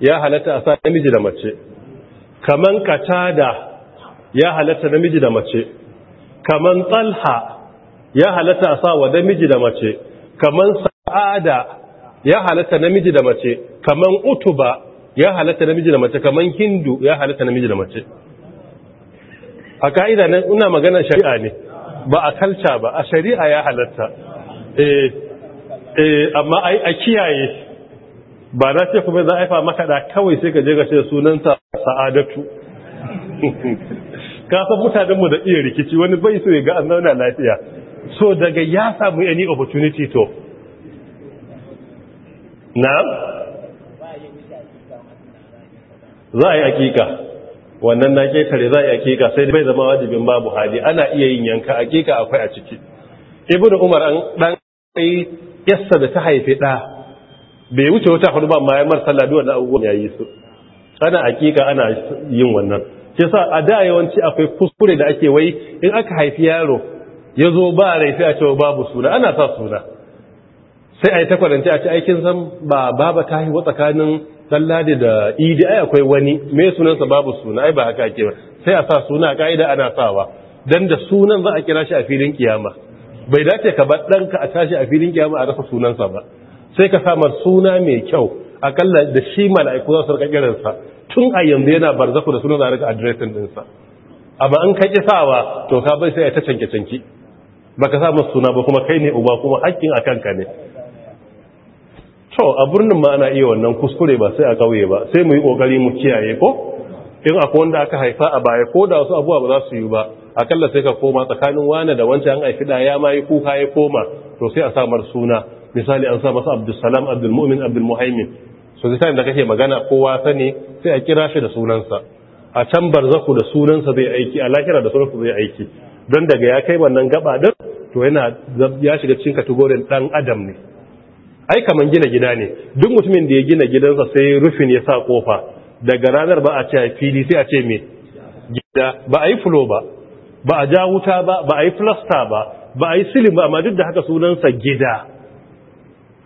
ya halatta a sa namiji da mace kaman katada ya halatta namiji da mace kaman talha ya halatta a wa namiji da mace kaman sa'ada ya halatta namiji da mace kaman utuba ya halatta namiji da mace kaman hindu ya halatta namiji da mace a ka'ida na ina magana shari'a ne ba a kalca ba a shari'a ya halatta eh eh amma a kiyaye ba na ce kuma za a haifa maka da kawai sai ka je ga ce sunanta sa'adatu ka san mutanenmu da iya rikici wani bai so ya ga an zauna lafiya so daga ya samu any opportunity to na za a yi akika wannan na ketare za a yi akika sai bai zama wajibin babu hali ana iya yin yanka akika akwai a ciki ibnu umar an dan yassa da ta haifi da bai wuce wata hudu ba ma ya mar sallah na abubuwan ya yi su ana hakika ana yin wannan ke sa a da yawanci akwai kuskure da ake wai in aka haifi yaro ya zo ba rai sai a ce babu suna ana sa suna sai a yi takwarance a ce aikin san ba baba ta haihuwa tsakanin sallade da idi ai akwai wani mai sunansa babu suna ai ba haka ake ba sai a sa suna ka'ida ana sawa dan da sunan za a kira shi a filin kiyama bai dace ka bar ɗanka a tashi a filin kiyama a rasa sunansa ba sai ka samar suna mai kyau akalla da shi mala'iku za su rika kiransa tun a yanzu yana barzaku da suna za a rika adiresin ɗinsa amma an ka sawa to ka bai sai ya ta canke-canke ba ka samun suna ba kuma kai ne uba kuma hakkin a kanka ne to a birnin ma ana iya wannan kuskure ba sai a ƙauye ba sai mu yi ƙoƙari mu kiyaye ko in akwai wanda aka haifa a baya ko da wasu abuwa ba za su yi ba akalla sai ka koma tsakanin wane da wancan an haifi da ya ma yi kuka ya koma to sai a samar suna misali an sa masa abdulsalam abdulmu'min abdulmuhaimin so zai da kake magana kowa sani sai a kira shi da sunansa a can barzaku da sunansa zai aiki a lahira da sunansa zai aiki don daga ya kai wannan gaba din to yana ya shiga cikin kategorin dan adam ne ai kaman gina gida ne duk mutumin da ya gina gidansa sai rufin ya sa kofa daga ranar ba a ce fili sai a ce me gida ba a yi fulo ba ba a ja wuta ba ba a yi filasta ba ba a yi silin ba amma duk da haka sunansa gida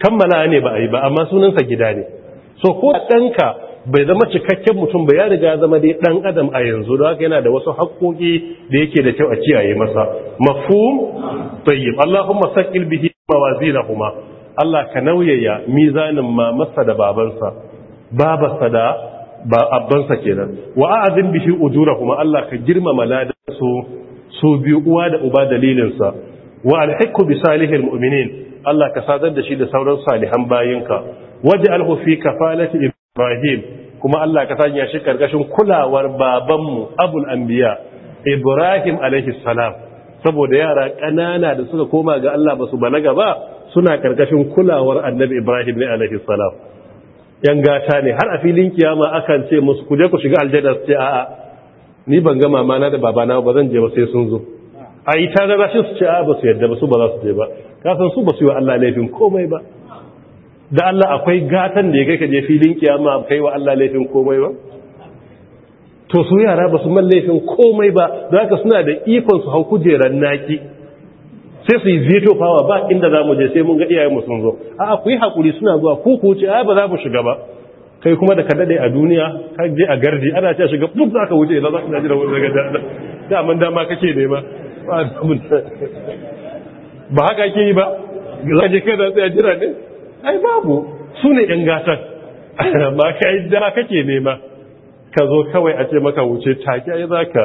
kammala ne ba a yi ba amma sunansa gida ne so ko ɗanka bai zama cikakken mutum ba ya riga zama dai ɗan adam a yanzu da haka yana da wasu haƙoƙi da yake da kyau a kiyaye masa mafhum tayyib allahumma saqil bihi mawazinahuma allah ka nauyaya mizanin mamarsa da babansa babarsa da ba abbansa kenan wa a'zim bihi ujurahuma allah ka girmama ladan su su biyu uwa da uba dalilinsa. wa alhiqu bi salihil mu'minin Allah ka sadar da shi da sauran salihan bayinka waje alhufi kafalati ibrahim kuma Allah ka sanya shi karkashin kulawar babanmu abul anbiya ibrahim alaihi salam saboda yara kanana da suka koma ga Allah ba su balaga ba suna karkashin kulawar annabi ibrahim ne alaihi salam yan gata ne har a filin kiyama akan ce musu kuje ku shiga aljanna su ce a'a ni ban ga mamana da babana ba zan je ba sai sun zo a yi tare rashin su ce a ba su yadda ba su ba za su je ba kasan su ba su yi wa Allah laifin komai ba da Allah akwai gatan da ya kai ka je filin kiyama kai wa Allah laifin komai ba to su yara ba su man laifin komai ba don haka suna da ikon su hau kujerar naki sai su yi zito power ba inda za mu je sai mun ga iyayen mu sun zo a ku yi hakuri suna zuwa ku ku ce ba za mu shiga ba kai kuma da ka dade a duniya ka je a gardi ana ce shiga duk za ka wuce idan za ka ji da wani daga dama kake nema ba ba haka ke yi ba za je kada tsaya jira ne ai babu su ne yan gatan ba ka yi kake nema ka zo kawai a ce maka wuce take ai za ka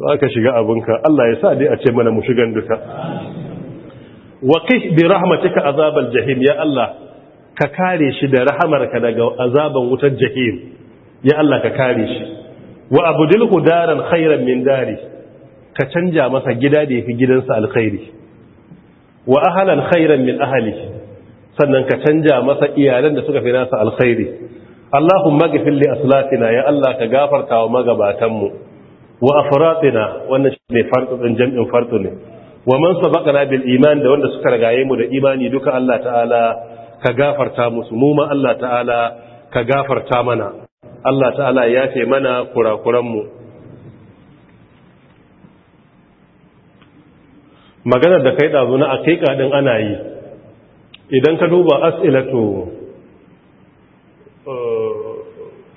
za ka shiga abinka Allah ya sa dai a ce mana mu shigan duka wa kai bi rahmatika al jahim ya Allah ka kare shi da rahamarka daga azaban wutar jahim ya Allah ka kare shi wa abudil hudaran khairan min dari ka canja masa gida da yafi gidansa alkhairi wa ahalan khairan min ahalihi sannan ka canja masa iyalan da suka fi nasa alkhairi Allahumma ghfir li aslatina ya Allah ka gafarta wa magabatanmu wa afratina wannan ne farko din jami'in farko ne wa man sabaqana bil iman da wanda suka ragaye mu da imani duka Allah ta'ala ka gafarta musu mu ma Allah ta'ala ka gafarta mana Allah ta'ala ya yafe mana kurakuran mu maganar da kai ɗazu na aƙiƙa ɗin ana yi idan ka duba as'ilatu uh,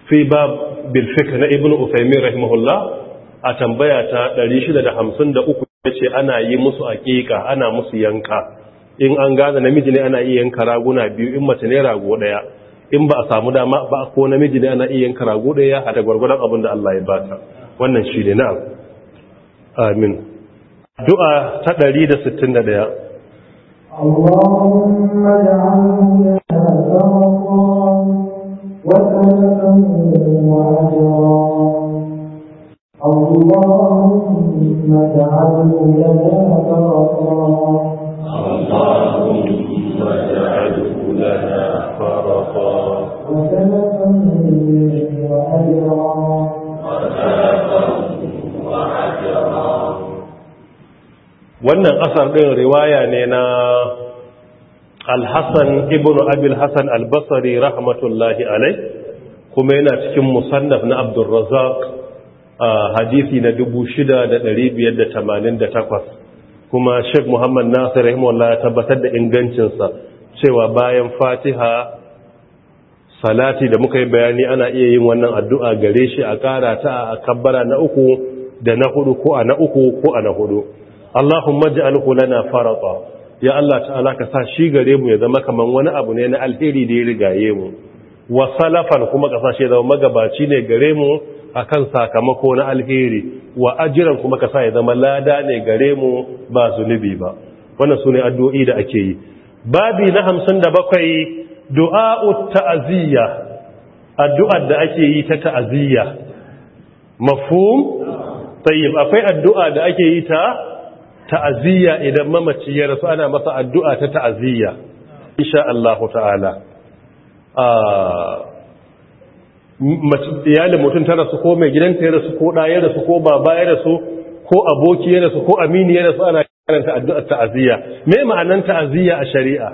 fi bab bilfik na ibnu usaimin rahimahullah a tambaya ta 653 yace ana yi musu akika ana musu yanka in an gaza namiji ne ana iya yanka raguna biyu in mace ne rago ɗaya in ba a samu dama ba ko namiji ne ana iya yanka rago ɗaya hada gwargwadon abin da Allah ya bata wannan shi ne na'am amin Du'a ta ɗari da sittin da ɗaya. Allahumma ja'alni sabran wa da wa ajran Allahumma wannan asar ɗin riwaya ne na alhassan ibn abil hassan albasari rahmatullahi alai kuma yana cikin musannaf na abdulrazak a hadisi na 6,588 kuma sheik muhammad nasir rahimahullah ya tabbatar da ingancinsa cewa bayan fatiha salati da muka yi bayani ana iya yin wannan addu'a gare shi a ƙara ta a kabbara na uku da na hudu ko a na uku ko a na hudu Allahumma na lana farata ya Allah ta'ala alaka sa shi gare mu ya zama kaman wani abu ne na alheri da ya rigaye mu wa salafan kuma ka shi zama magabaci ne gare mu akan sakamako na alheri wa ajran kuma kasa ya zama lada ne gare mu ba zunubi ba wannan sune addu'o'i da ake yi babi na 57 du'a'u ta'aziyya addu'ar da ake yi ta ta'aziyya mafhum tayyib akwai addu'a da ake yi ta ta'aziyya idan mamaci ya rasu ana masa addu'a ta ta'aziyya insha Allah ta'ala ah, iyalin mutum ta rasu ko mai gidanta ya rasu ko ɗaya ya rasu ko baba ya rasu ko aboki ya rasu ko amini ya rasu ana karanta addu'ar ta'aziyya me ma'anan ta'aziyya a shari'a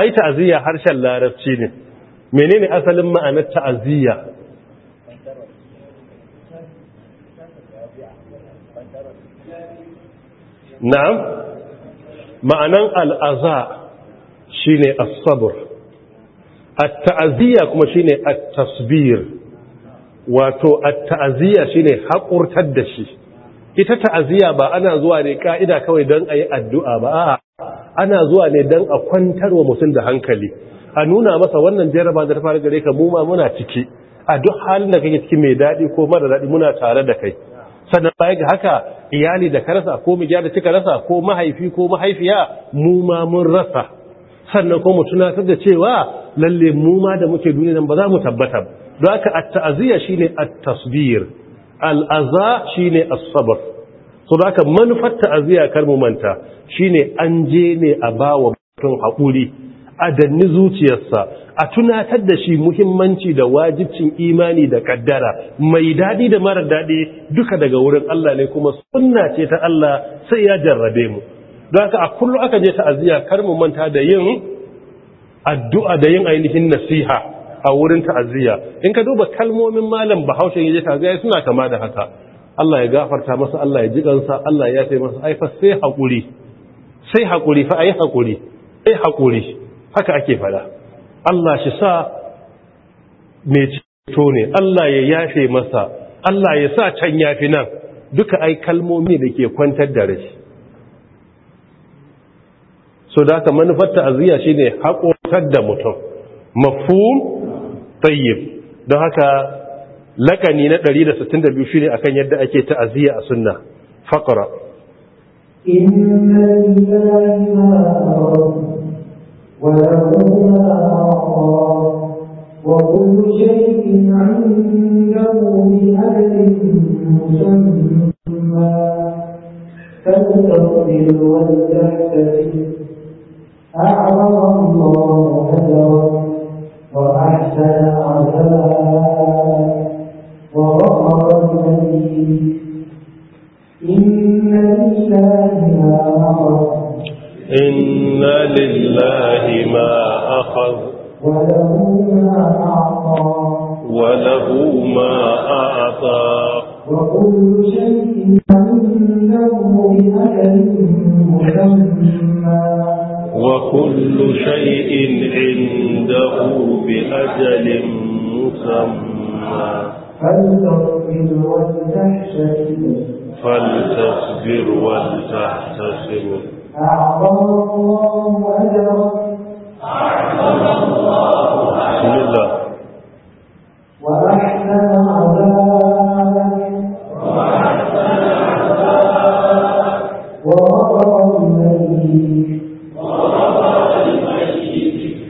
ai ta'aziyya harshen larabci ne menene asalin ma'anar ta'aziyya na'am ma'anan al'aza ne a sabr a kuma ne a tasbir wato at shi ne haƙurtar da shi ita ta’aziyya ba ana zuwa ne ka'ida kawai don a yi addu'a ba a'a ana zuwa ne don a kwantarwa mutum da hankali a nuna masa wannan jaraba da ta fara gare ka mu ma muna ciki a duk halin da kake ciki mai daɗi ko mara daɗi, muna tare da kai sannan baya ga haka iyali da ka rasa ko mijiya da kika rasa ko mahaifi ko mahaifiya mu ma mun rasa sannan ko mu tunatar da cewa lalle mu ma da muke duniya nan ba za mu tabbata don haka at-ta'ziya shine at-tasbir al-aza shine as-sabr so da haka manufar ta'ziya kar mu manta shine an je ne a bawa mutum hakuri a danni zuciyarsa a tunatar da shi muhimmanci da wajibcin imani da kaddara mai dadi da mara dadi duka daga wurin Allah ne kuma sunna ce ta Allah sai ya jarrabe mu don haka a kullum aka je ta'aziyya kar mu manta da yin addu'a da yin ainihin nasiha a wurin ta'aziyya in ka duba kalmomin malam Bahaushe je ta'aziyya suna kama da haka Allah ya gafarta masa Allah ya ji kansa Allah ya yafe masa ai fa sai hakuri sai hakuri fa ai hakuri sai hakuri haka ake fada Allah shi sa mai ceto ne Allah ya yafe masa Allah ya sa can yafi nan duka ai kalmomi da ke kwantar da rashi so da aka manufar ta'aziyya ne haƙotar da mutum mafhum tsayyib don haka lakani na 162 shine akan yadda ake ta'aziyya a sunna faqra inna lillahi ولهما أعراض وكل شيء عنده بأجل مسمى فلتصبر ولتحتسب أعظم الله أجرا وأحسن عذابا وغفر المليك إن لله ما غفر إن لله ما أخذ وله ما أعطى وله ما أعطى وكل شيء عنده بأجل مسمى وكل شيء عنده بأجل مسمى فلتصبر ولتحتسب فلتصبر ولتحتسب أعظم الله أجرا أعظم الله أجرا وأحسن عذابك وأحسن عذابك ورفض المجيد ورفض المجيد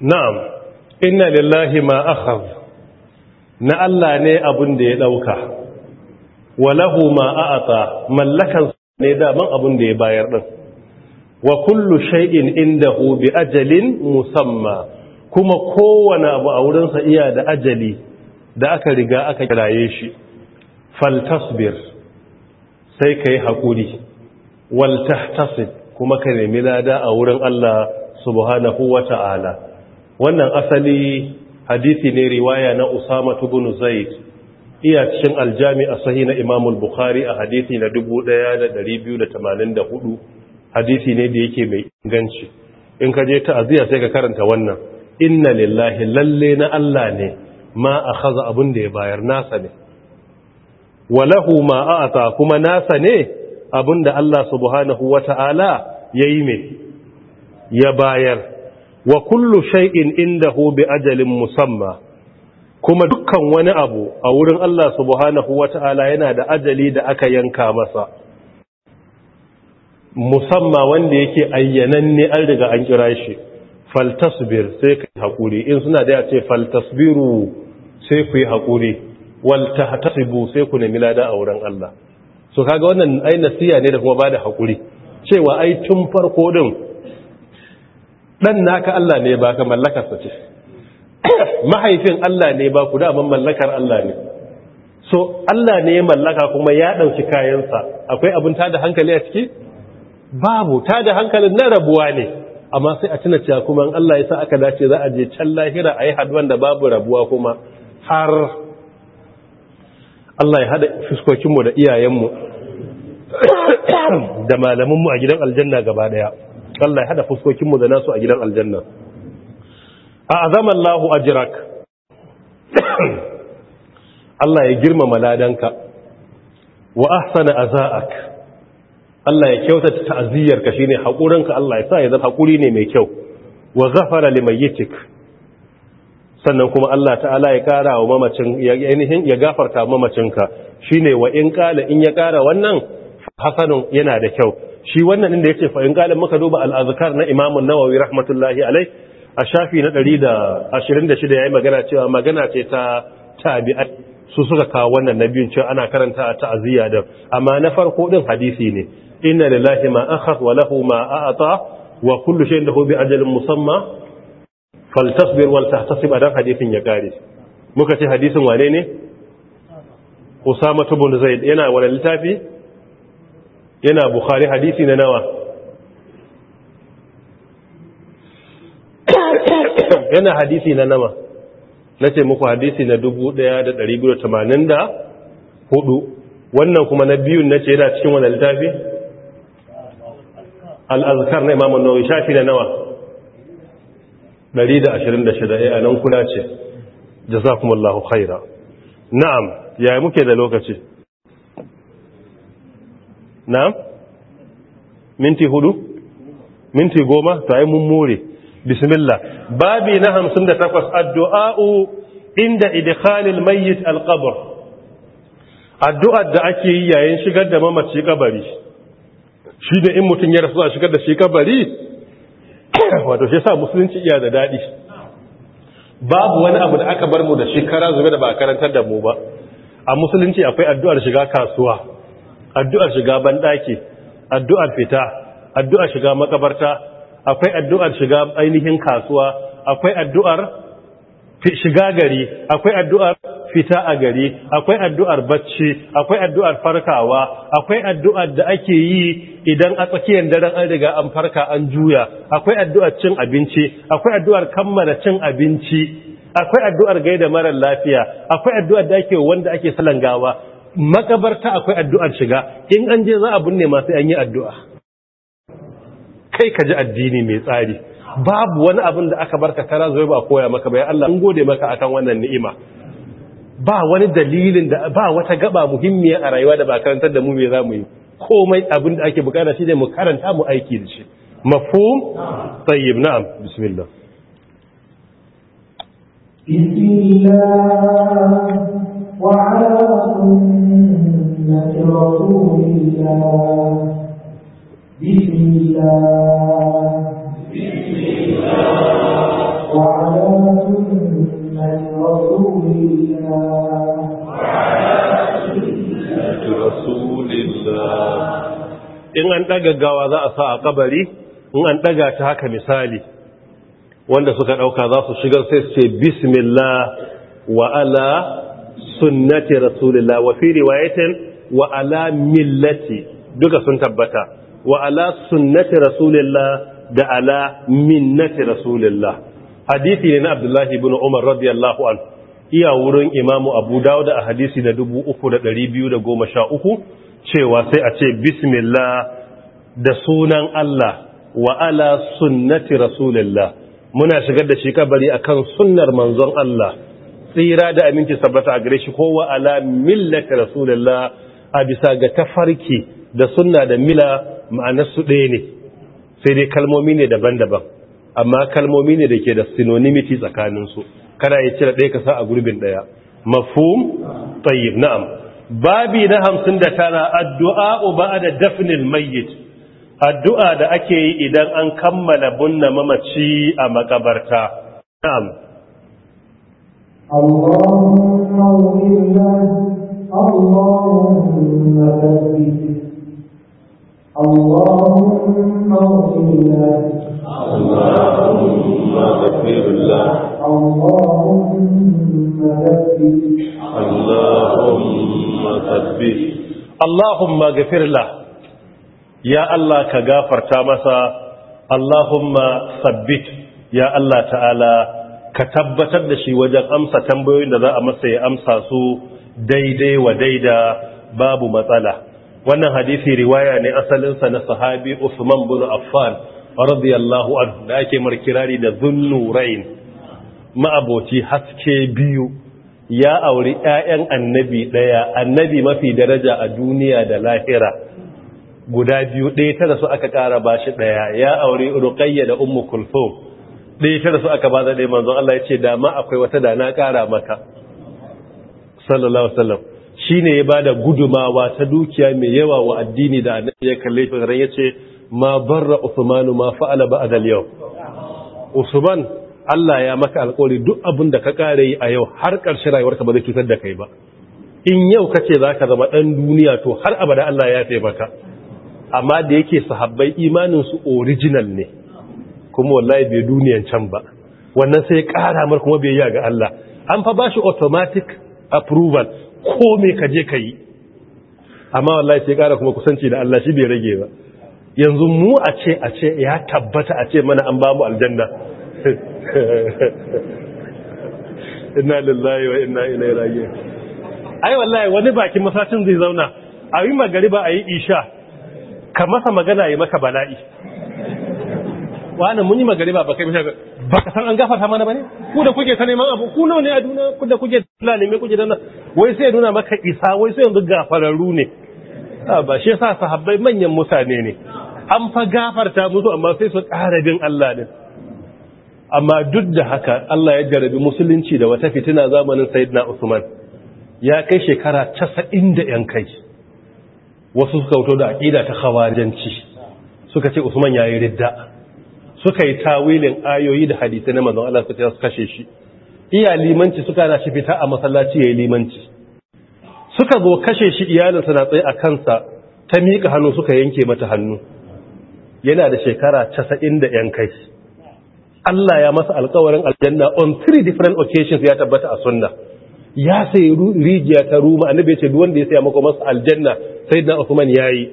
نعم إن لله ما أخذ na Allah ne abin da walahu ma a'ata mallakan ne daman abun da ya bayar din wa kullu shay'in indahu bi ajalin musamma kuma kowane abu a sa iya da ajali da aka riga aka kiraye shi Fal tasbir, sai ka yi wal waltahtasib kuma ka nemi lada a wurin Allah subhanahu wa wannan asali hadisi ne riwaya na usama tubunu zaid iya cikin aljami a sahi na imamul bukhari a hadithi na 1284 hadithi ne da yake mai inganci in ka je ta'aziyya sai ka karanta wannan inna lillahi lalle na Allah ne ma a haza abin da ya bayar nasa ne walahu ma a'ata kuma nasa ne abun da Allah subhanahu wata'ala yi me ya bayar wa kullu shay'in hu bi ajalin musamma kuma dukkan wani abu a wurin Allah subhanahu wata'ala yana da ajali da aka yanka masa musamman wanda yake ne an riga an kira shi faltasbir sai kai hakuri in suna da ya ce faltasbiru sai ku yi hakuri wal tahtasibu sai ku nemi lada a wurin Allah so kaga wannan ai nasiya ne da kuma bada hakuri cewa ai tun farko din dan naka Allah ne baka mallakarsa ce mahaifin Allah ne ba ku daman mallakar Allah ne so Allah ne ya mallaka kuma ya ɗauki kayansa akwai abin tada hankali a ciki babu tada hankalin na rabuwa ne amma sai a tuna cewa kuma Allah ya sa aka dace za a je can lahira a yi haduwan da babu rabuwa kuma har Allah ya haɗa fuskokinmu da iyayenmu da malamanmu a gidan aljanna gaba ɗaya Allah ya haɗa fuskokinmu da nasu a gidan aljanna a'azama Allahu ajrak Allah ya girmama ladanka wa ahsana azaak Allah ya kyautata ta'ziyarka shine ka. Allah ya sa ya zama hakuri ne mai kyau wa ghafara limayyitik sannan kuma Allah ta'ala ya karawa wa mamacin ainihin ya gafarta mamacinka shine wa in kala in ya kara wannan hasanun yana da kyau shi wannan inda yake fa in kala muka duba al-azkar na Imam nawawi rahmatullahi alaihi a shafi na 126 yi magana cewa magana ce ta tabi'ai su suka kawo wannan na biyun cewa ana karanta a ta'aziyya da amma na farko din hadisi ne inna lillahi ma akhadha wa lahu ma a'ata wa kullu shay'in lahu bi ajalin musamma faltasbir wal tahtasib adan hadisin ya kare muka ce hadisin wane ne Usama ibn Zaid yana wani littafi yana Bukhari hadisi na nawa yana hadisi na nama na ce muku hadisi na 1284 wannan kuma na biyun na ce yana cikin wani littafi al'azkar na imamun nawa shafi na nawa 126 eh, a nan kula ce jazakumallahu khaira na'am ya muke da lokaci na'am minti hudu minti goma ta yi mun bismillah babi na takwas, addu'a'u inda idkhalil mayyit Alkabar. addu'ar da ake yi yayin shigar da mamaci kabari shi da in mutum ya rasu a shigar da shi kabari wato shi yasa musulunci iya da daɗi? babu wani abu da aka bar mu da shekara zube da ba a karantar da mu ba a musulunci akwai addu'ar shiga kasuwa addu'ar shiga banɗaki addu'ar fita addu'ar shiga makabarta akwai addu'ar shiga ainihin kasuwa akwai addu'ar shiga gari akwai addu'ar fita a gari akwai addu'ar bacci akwai addu'ar farkawa akwai addu'ar da ake yi idan a tsakiyar daren an riga an farka an juya akwai addu'ar cin abinci akwai addu'ar kammala cin abinci akwai addu'ar gaida marar lafiya akwai addu'ar da ake wanda ake salangawa makabarta akwai addu'ar shiga in an je za a binne masu an yi addu'a kai ka ji addini mai tsari babu wani abin da aka barka tara zo ba koya maka bayan Allah mun gode maka akan wannan ni'ima ba wani dalilin da ba wata gaba muhimmiya a rayuwa da ba karantar da mu me zamu yi komai abin da ake bukata shine mu karanta mu aiki da shi mafhum tayyib na'am bismillah bismillah wa ala رسول بسم الله بسم الله وعلى سنة رسول الله وعلى سنة رسول الله in an ɗaga gawa za a sa a kabari in an ɗaga ta haka misali wanda suka ɗauka za su shigar sai su ce bismillah wa ala sunnati rasulillah wa fi riwayatin wa ala millati duka sun tabbata wa ala sunnati rasulillah da ala minnati rasulillah hadisi ne na abdullahi ibn umar radiyallahu an iya wurin imamu abu dawud a hadisi na 3213 cewa sai a ce bismillah da sunan Allah wa ala sunnati rasulillah muna shigar da shi kabari akan sunnar manzon Allah tsira da aminci sabata a gare shi wa ala millati rasulillah a bisa ga tafarki da sunna da mila ma'anarsu ɗaya ne sai dai kalmomi ne daban-daban amma kalmomi ne da ke da sinonimiti tsakaninsu kana yi cire ɗaya ka sa a gurbin ɗaya mafhum tsayi. na'am babi na hamsin da tara addu'a uba da dafnil mayyit addu'a da ake yi idan an kammala bunna mamaci a makabarta na'am اللهم اغفر له اللهم ثبت اللهم اغفر اللهم اغفر اللهم ka gafarta masa Allahumma sabbit ya Allah ta'ala ka tabbatar da shi wajen amsa tambayoyin da za a masa ya amsa su daidai wa daida babu matsala wannan hadisi riwaya ne asalinsa na sahabi Usman bin Affan radiyallahu anhu da ake markirari da zunnurain ma'aboci haske biyu ya auri ƴaƴan annabi daya annabi mafi daraja a duniya da lahira guda biyu ɗaya ta su aka ƙara bashi daya ya auri ruqayya da ummu kulthum ɗaya ta su aka bada ɗaya manzon Allah ya ce da ma akwai wata da na ƙara maka. sallallahu alaihi wasallam Shi ne ya bada gudumawa ta dukiya mai yawa wa addini da annabi ya kalle shi ran yace ma barra usmanu ma fa'ala ba al yau. usman Allah ya maka alƙawari duk abin da ka kare yi a yau har ƙarshen rayuwarka ba zai cutar da kai ba in yau kace zaka zama dan duniya to har abada Allah ya yafe maka amma da yake sahabbai imanin su original ne kuma wallahi bai duniyan can ba wannan sai ya ƙara mar kuma bai yi ga Allah an fa bashi automatic approval ko me ka je ka yi amma wallahi sai ƙara kuma kusanci da Allah shi bai rage ba yanzu mu a ce a ce ya tabbata a ce mana an ba aljanna inna lillahi wa inna ilaihi raji'un ai wallahi wani bakin masacin zai zauna a yi magariba a yi isha ka masa magana yi maka bala'i wani mun yi magariba ba kai ba ka san an gafarta mana bane ku da kuke ta neman abu ku nawa ne a duniya ku da kuke fulani me kuke dana wai sai nuna maka isa wai sai yanzu gafararru ne ah, ba shi yasa sahabbai manyan mutane ne an fa gafarta musu amma sai su ƙara bin Allah din amma duk da haka Allah ya jarabi musulunci da wata fitina zamanin Sayyidina Usman ya kai shekara 90 da yan kai wasu suka wuto da aqida ta khawajanci suka ce Usman yayi ridda suka yi tawilin ayoyi da hadisai na mazan Allah suka su kashe shi iya limanci suka na shi fita a masallaci yayin limanci suka zo kashe shi iyalinsa na tsaye a kansa ta miƙa hannu suka yanke mata hannu yana da shekara casa'in da yan kai Allah ya masa alƙawarin aljanna on three different occasions ya tabbata a sunna ya sai rijiya ta ruma annabi ya ce duk wanda ya saya maka masa aljanna sayyidina Uthman yayi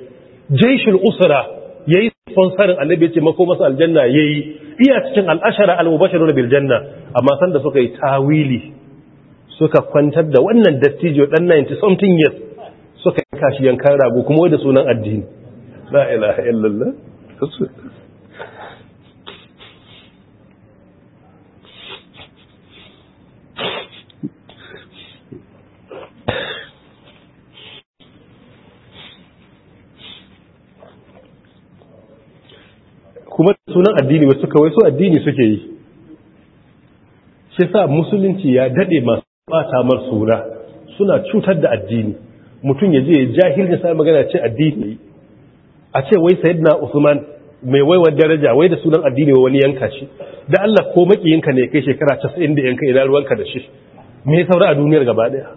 jaishul usra yayi sponsorin annabi yace mako masa aljanna yayi iya cikin al'ashara al-mubashirun bil janna amma sanda suka yi tawili suka kwantar da wannan dattijo dan 90 something years suka kashi yankan rago kuma wai da sunan addini la ilaha illallah kuma sunan addini wasu kawai su addini suke yi shi sa musulunci ya dade masu bata mar suna suna cutar da addini mutum ya je jahilin sami magana ce addini a ce wai na usman mai waiwar daraja wai da sunan addini wani yanka shi da Allah ko makiyinka ne kai shekara 90 da yanka idan ruwanka da shi me ya saura a duniyar gaba daya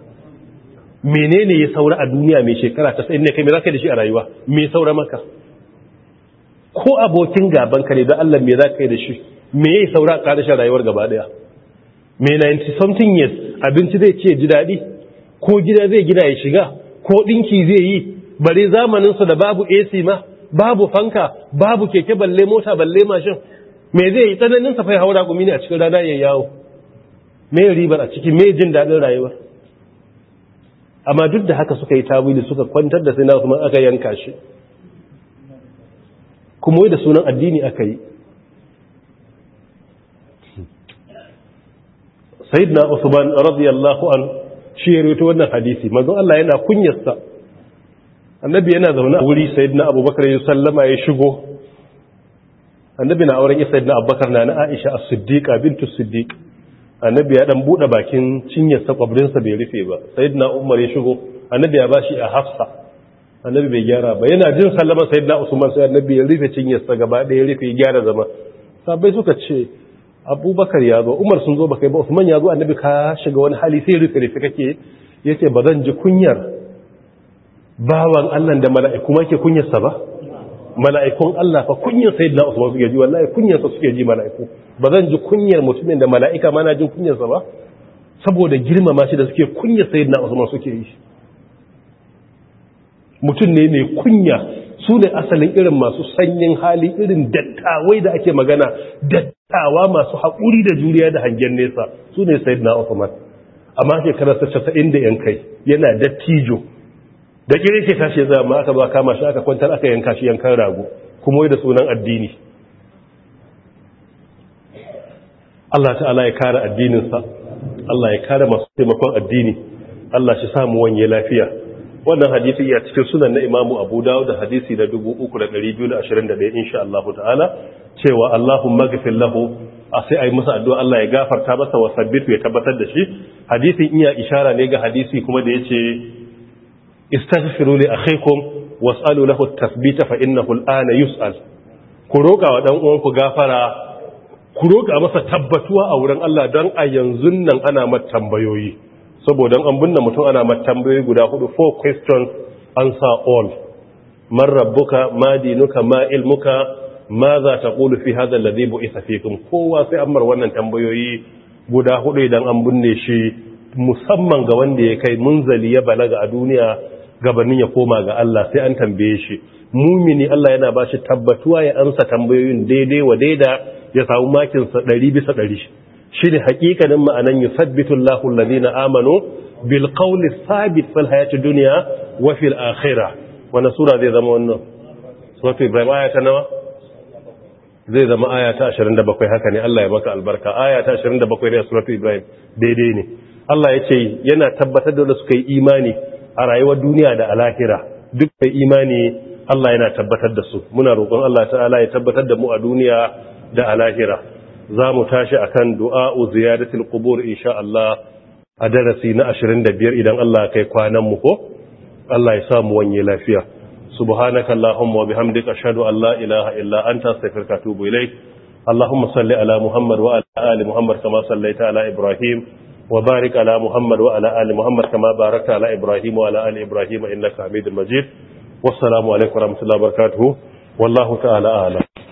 menene ya saura a duniya mai shekara 90 ne kai me zaka da shi a rayuwa me saura maka ko abokin gaban ka ne da Allah me za ka yi da shi me yayi saura ƙarashin rayuwar gaba daya me 90 something years abinci zai ce ji daɗi ko gida zai gida ya shiga ko ɗinki zai yi bare zamaninsu da babu AC ma babu fanka babu keke balle mota balle mashin me zai yi tsananin sa fai haura gumi ne a cikin rana ya yawo me ribar a cikin me jin daɗin rayuwar amma duk da haka suka yi tawili suka kwantar da sai na kuma aka yanka shi kuma wai da sunan addini aka yi sayyidina usman radiyallahu an shi ya wannan hadisi manzon Allah yana kunyarsa annabi yana zaune a wuri sayyidina abubakar ya sallama ya shigo annabi na auren isa sayyidina abubakar na na aisha a siddiqa bintu siddiq annabi ya dan bude bakin cinyarsa kwabrinsa bai rufe ba sayyidina umar ya shigo annabi ya bashi a hafsa annabi bai gyara ba yana jin sallama sayyidina usman sai annabi ya rufe cinyarsa gaba daya rufe ya gyara zama sabai suka ce abubakar ya zo umar sun zo ba kai ba usman ya zo annabi ka shiga wani hali sai rufe rufe kake yace ba zan ji kunyar bawan Allah da mala'iku ma ke kunyarsa ba mala'ikun Allah fa kunyar sayyidina usman suke ji wallahi kunyarsa suke ji mala'iku ba zan ji kunyar mutumin da mala'ika ma na jin kunyarsa ba saboda girmama shi da suke kunyar sayyidina usman suke yi mutum ne mai kunya su ne asalin irin masu sanyin hali irin dattawai da ake magana dattawa masu haƙuri da juriya da hangen nesa su ne sayid na osman amma shekarar casa'in da yankai yana dattijo da kire ke tashi za ma aka ba kama shi aka kwantar aka yanka shi yankan rago kuma wai da sunan addini Allah ala ya kare addininsa Allah ya kare masu taimakon addini Allah shi samu wanye lafiya wannan hadisi ya cikin sunan na imamu abu dawud da hadisi na 3221 insha Allah ta'ala cewa Allahumma ghfir lahu a sai ayi masa addu'a Allah ya gafarta masa wa sabbitu ya tabbatar da shi hadisin iya ishara ne ga hadisi kuma da yace istaghfiru li akhikum was'alu lahu at-tathbita fa innahu al-ana yus'al ku roka wa dan uwanku gafara ku roka masa tabbatuwa a wurin Allah dan a yanzun nan ana mata tambayoyi saboda an binne mutum ana matambayoyi guda hudu four questions answer all man rabbuka ma dinuka ma ilmuka ma za ta kulu fi hadha alladhi bu'itha fikum kowa sai ammar wannan tambayoyi guda hudu idan an binne shi musamman ga wanda ya kai munzali ya balaga a duniya gabanin ya koma ga Allah sai an tambaye shi mumini Allah yana ba shi tabbatuwa ya amsa tambayoyin daidai wa daida ya samu makinsa ɗari bisa ɗari shi ne hakikanin ma'anan yi sabbitun allazina amanu bil qawli sabit fil hayati duniya wa fil akhirah Wani sura zai zama wannan sufi Ibrahim aya ta nawa zai zama aya ta 27 haka ne Allah ya maka albarka aya ta 27 ne sufi Ibrahim daidai ne Allah ya ce yana tabbatar da suka yi imani a rayuwar duniya da alahira duk mai imani Allah yana tabbatar da su muna roƙon Allah ta'ala ya tabbatar da mu a duniya da alahira za mu tashi akan du'a'u ziyaratul qubur insha Allah a darasi na 25 idan Allah kai kwanan mu ko Allah ya samu wanye lafiya subhanaka allahumma wa bihamdika ashhadu an la ilaha illa anta astaghfiruka wa atubu ilayk allahumma salli ala muhammad wa ala muhammad kama sallaita ala ibrahim wa ala muhammad wa ala muhammad kama barakta ala ibrahim wa ala ali ibrahim innaka hamidul majid wassalamu alaikum wa rahmatullahi wa wallahu ta'ala a'lam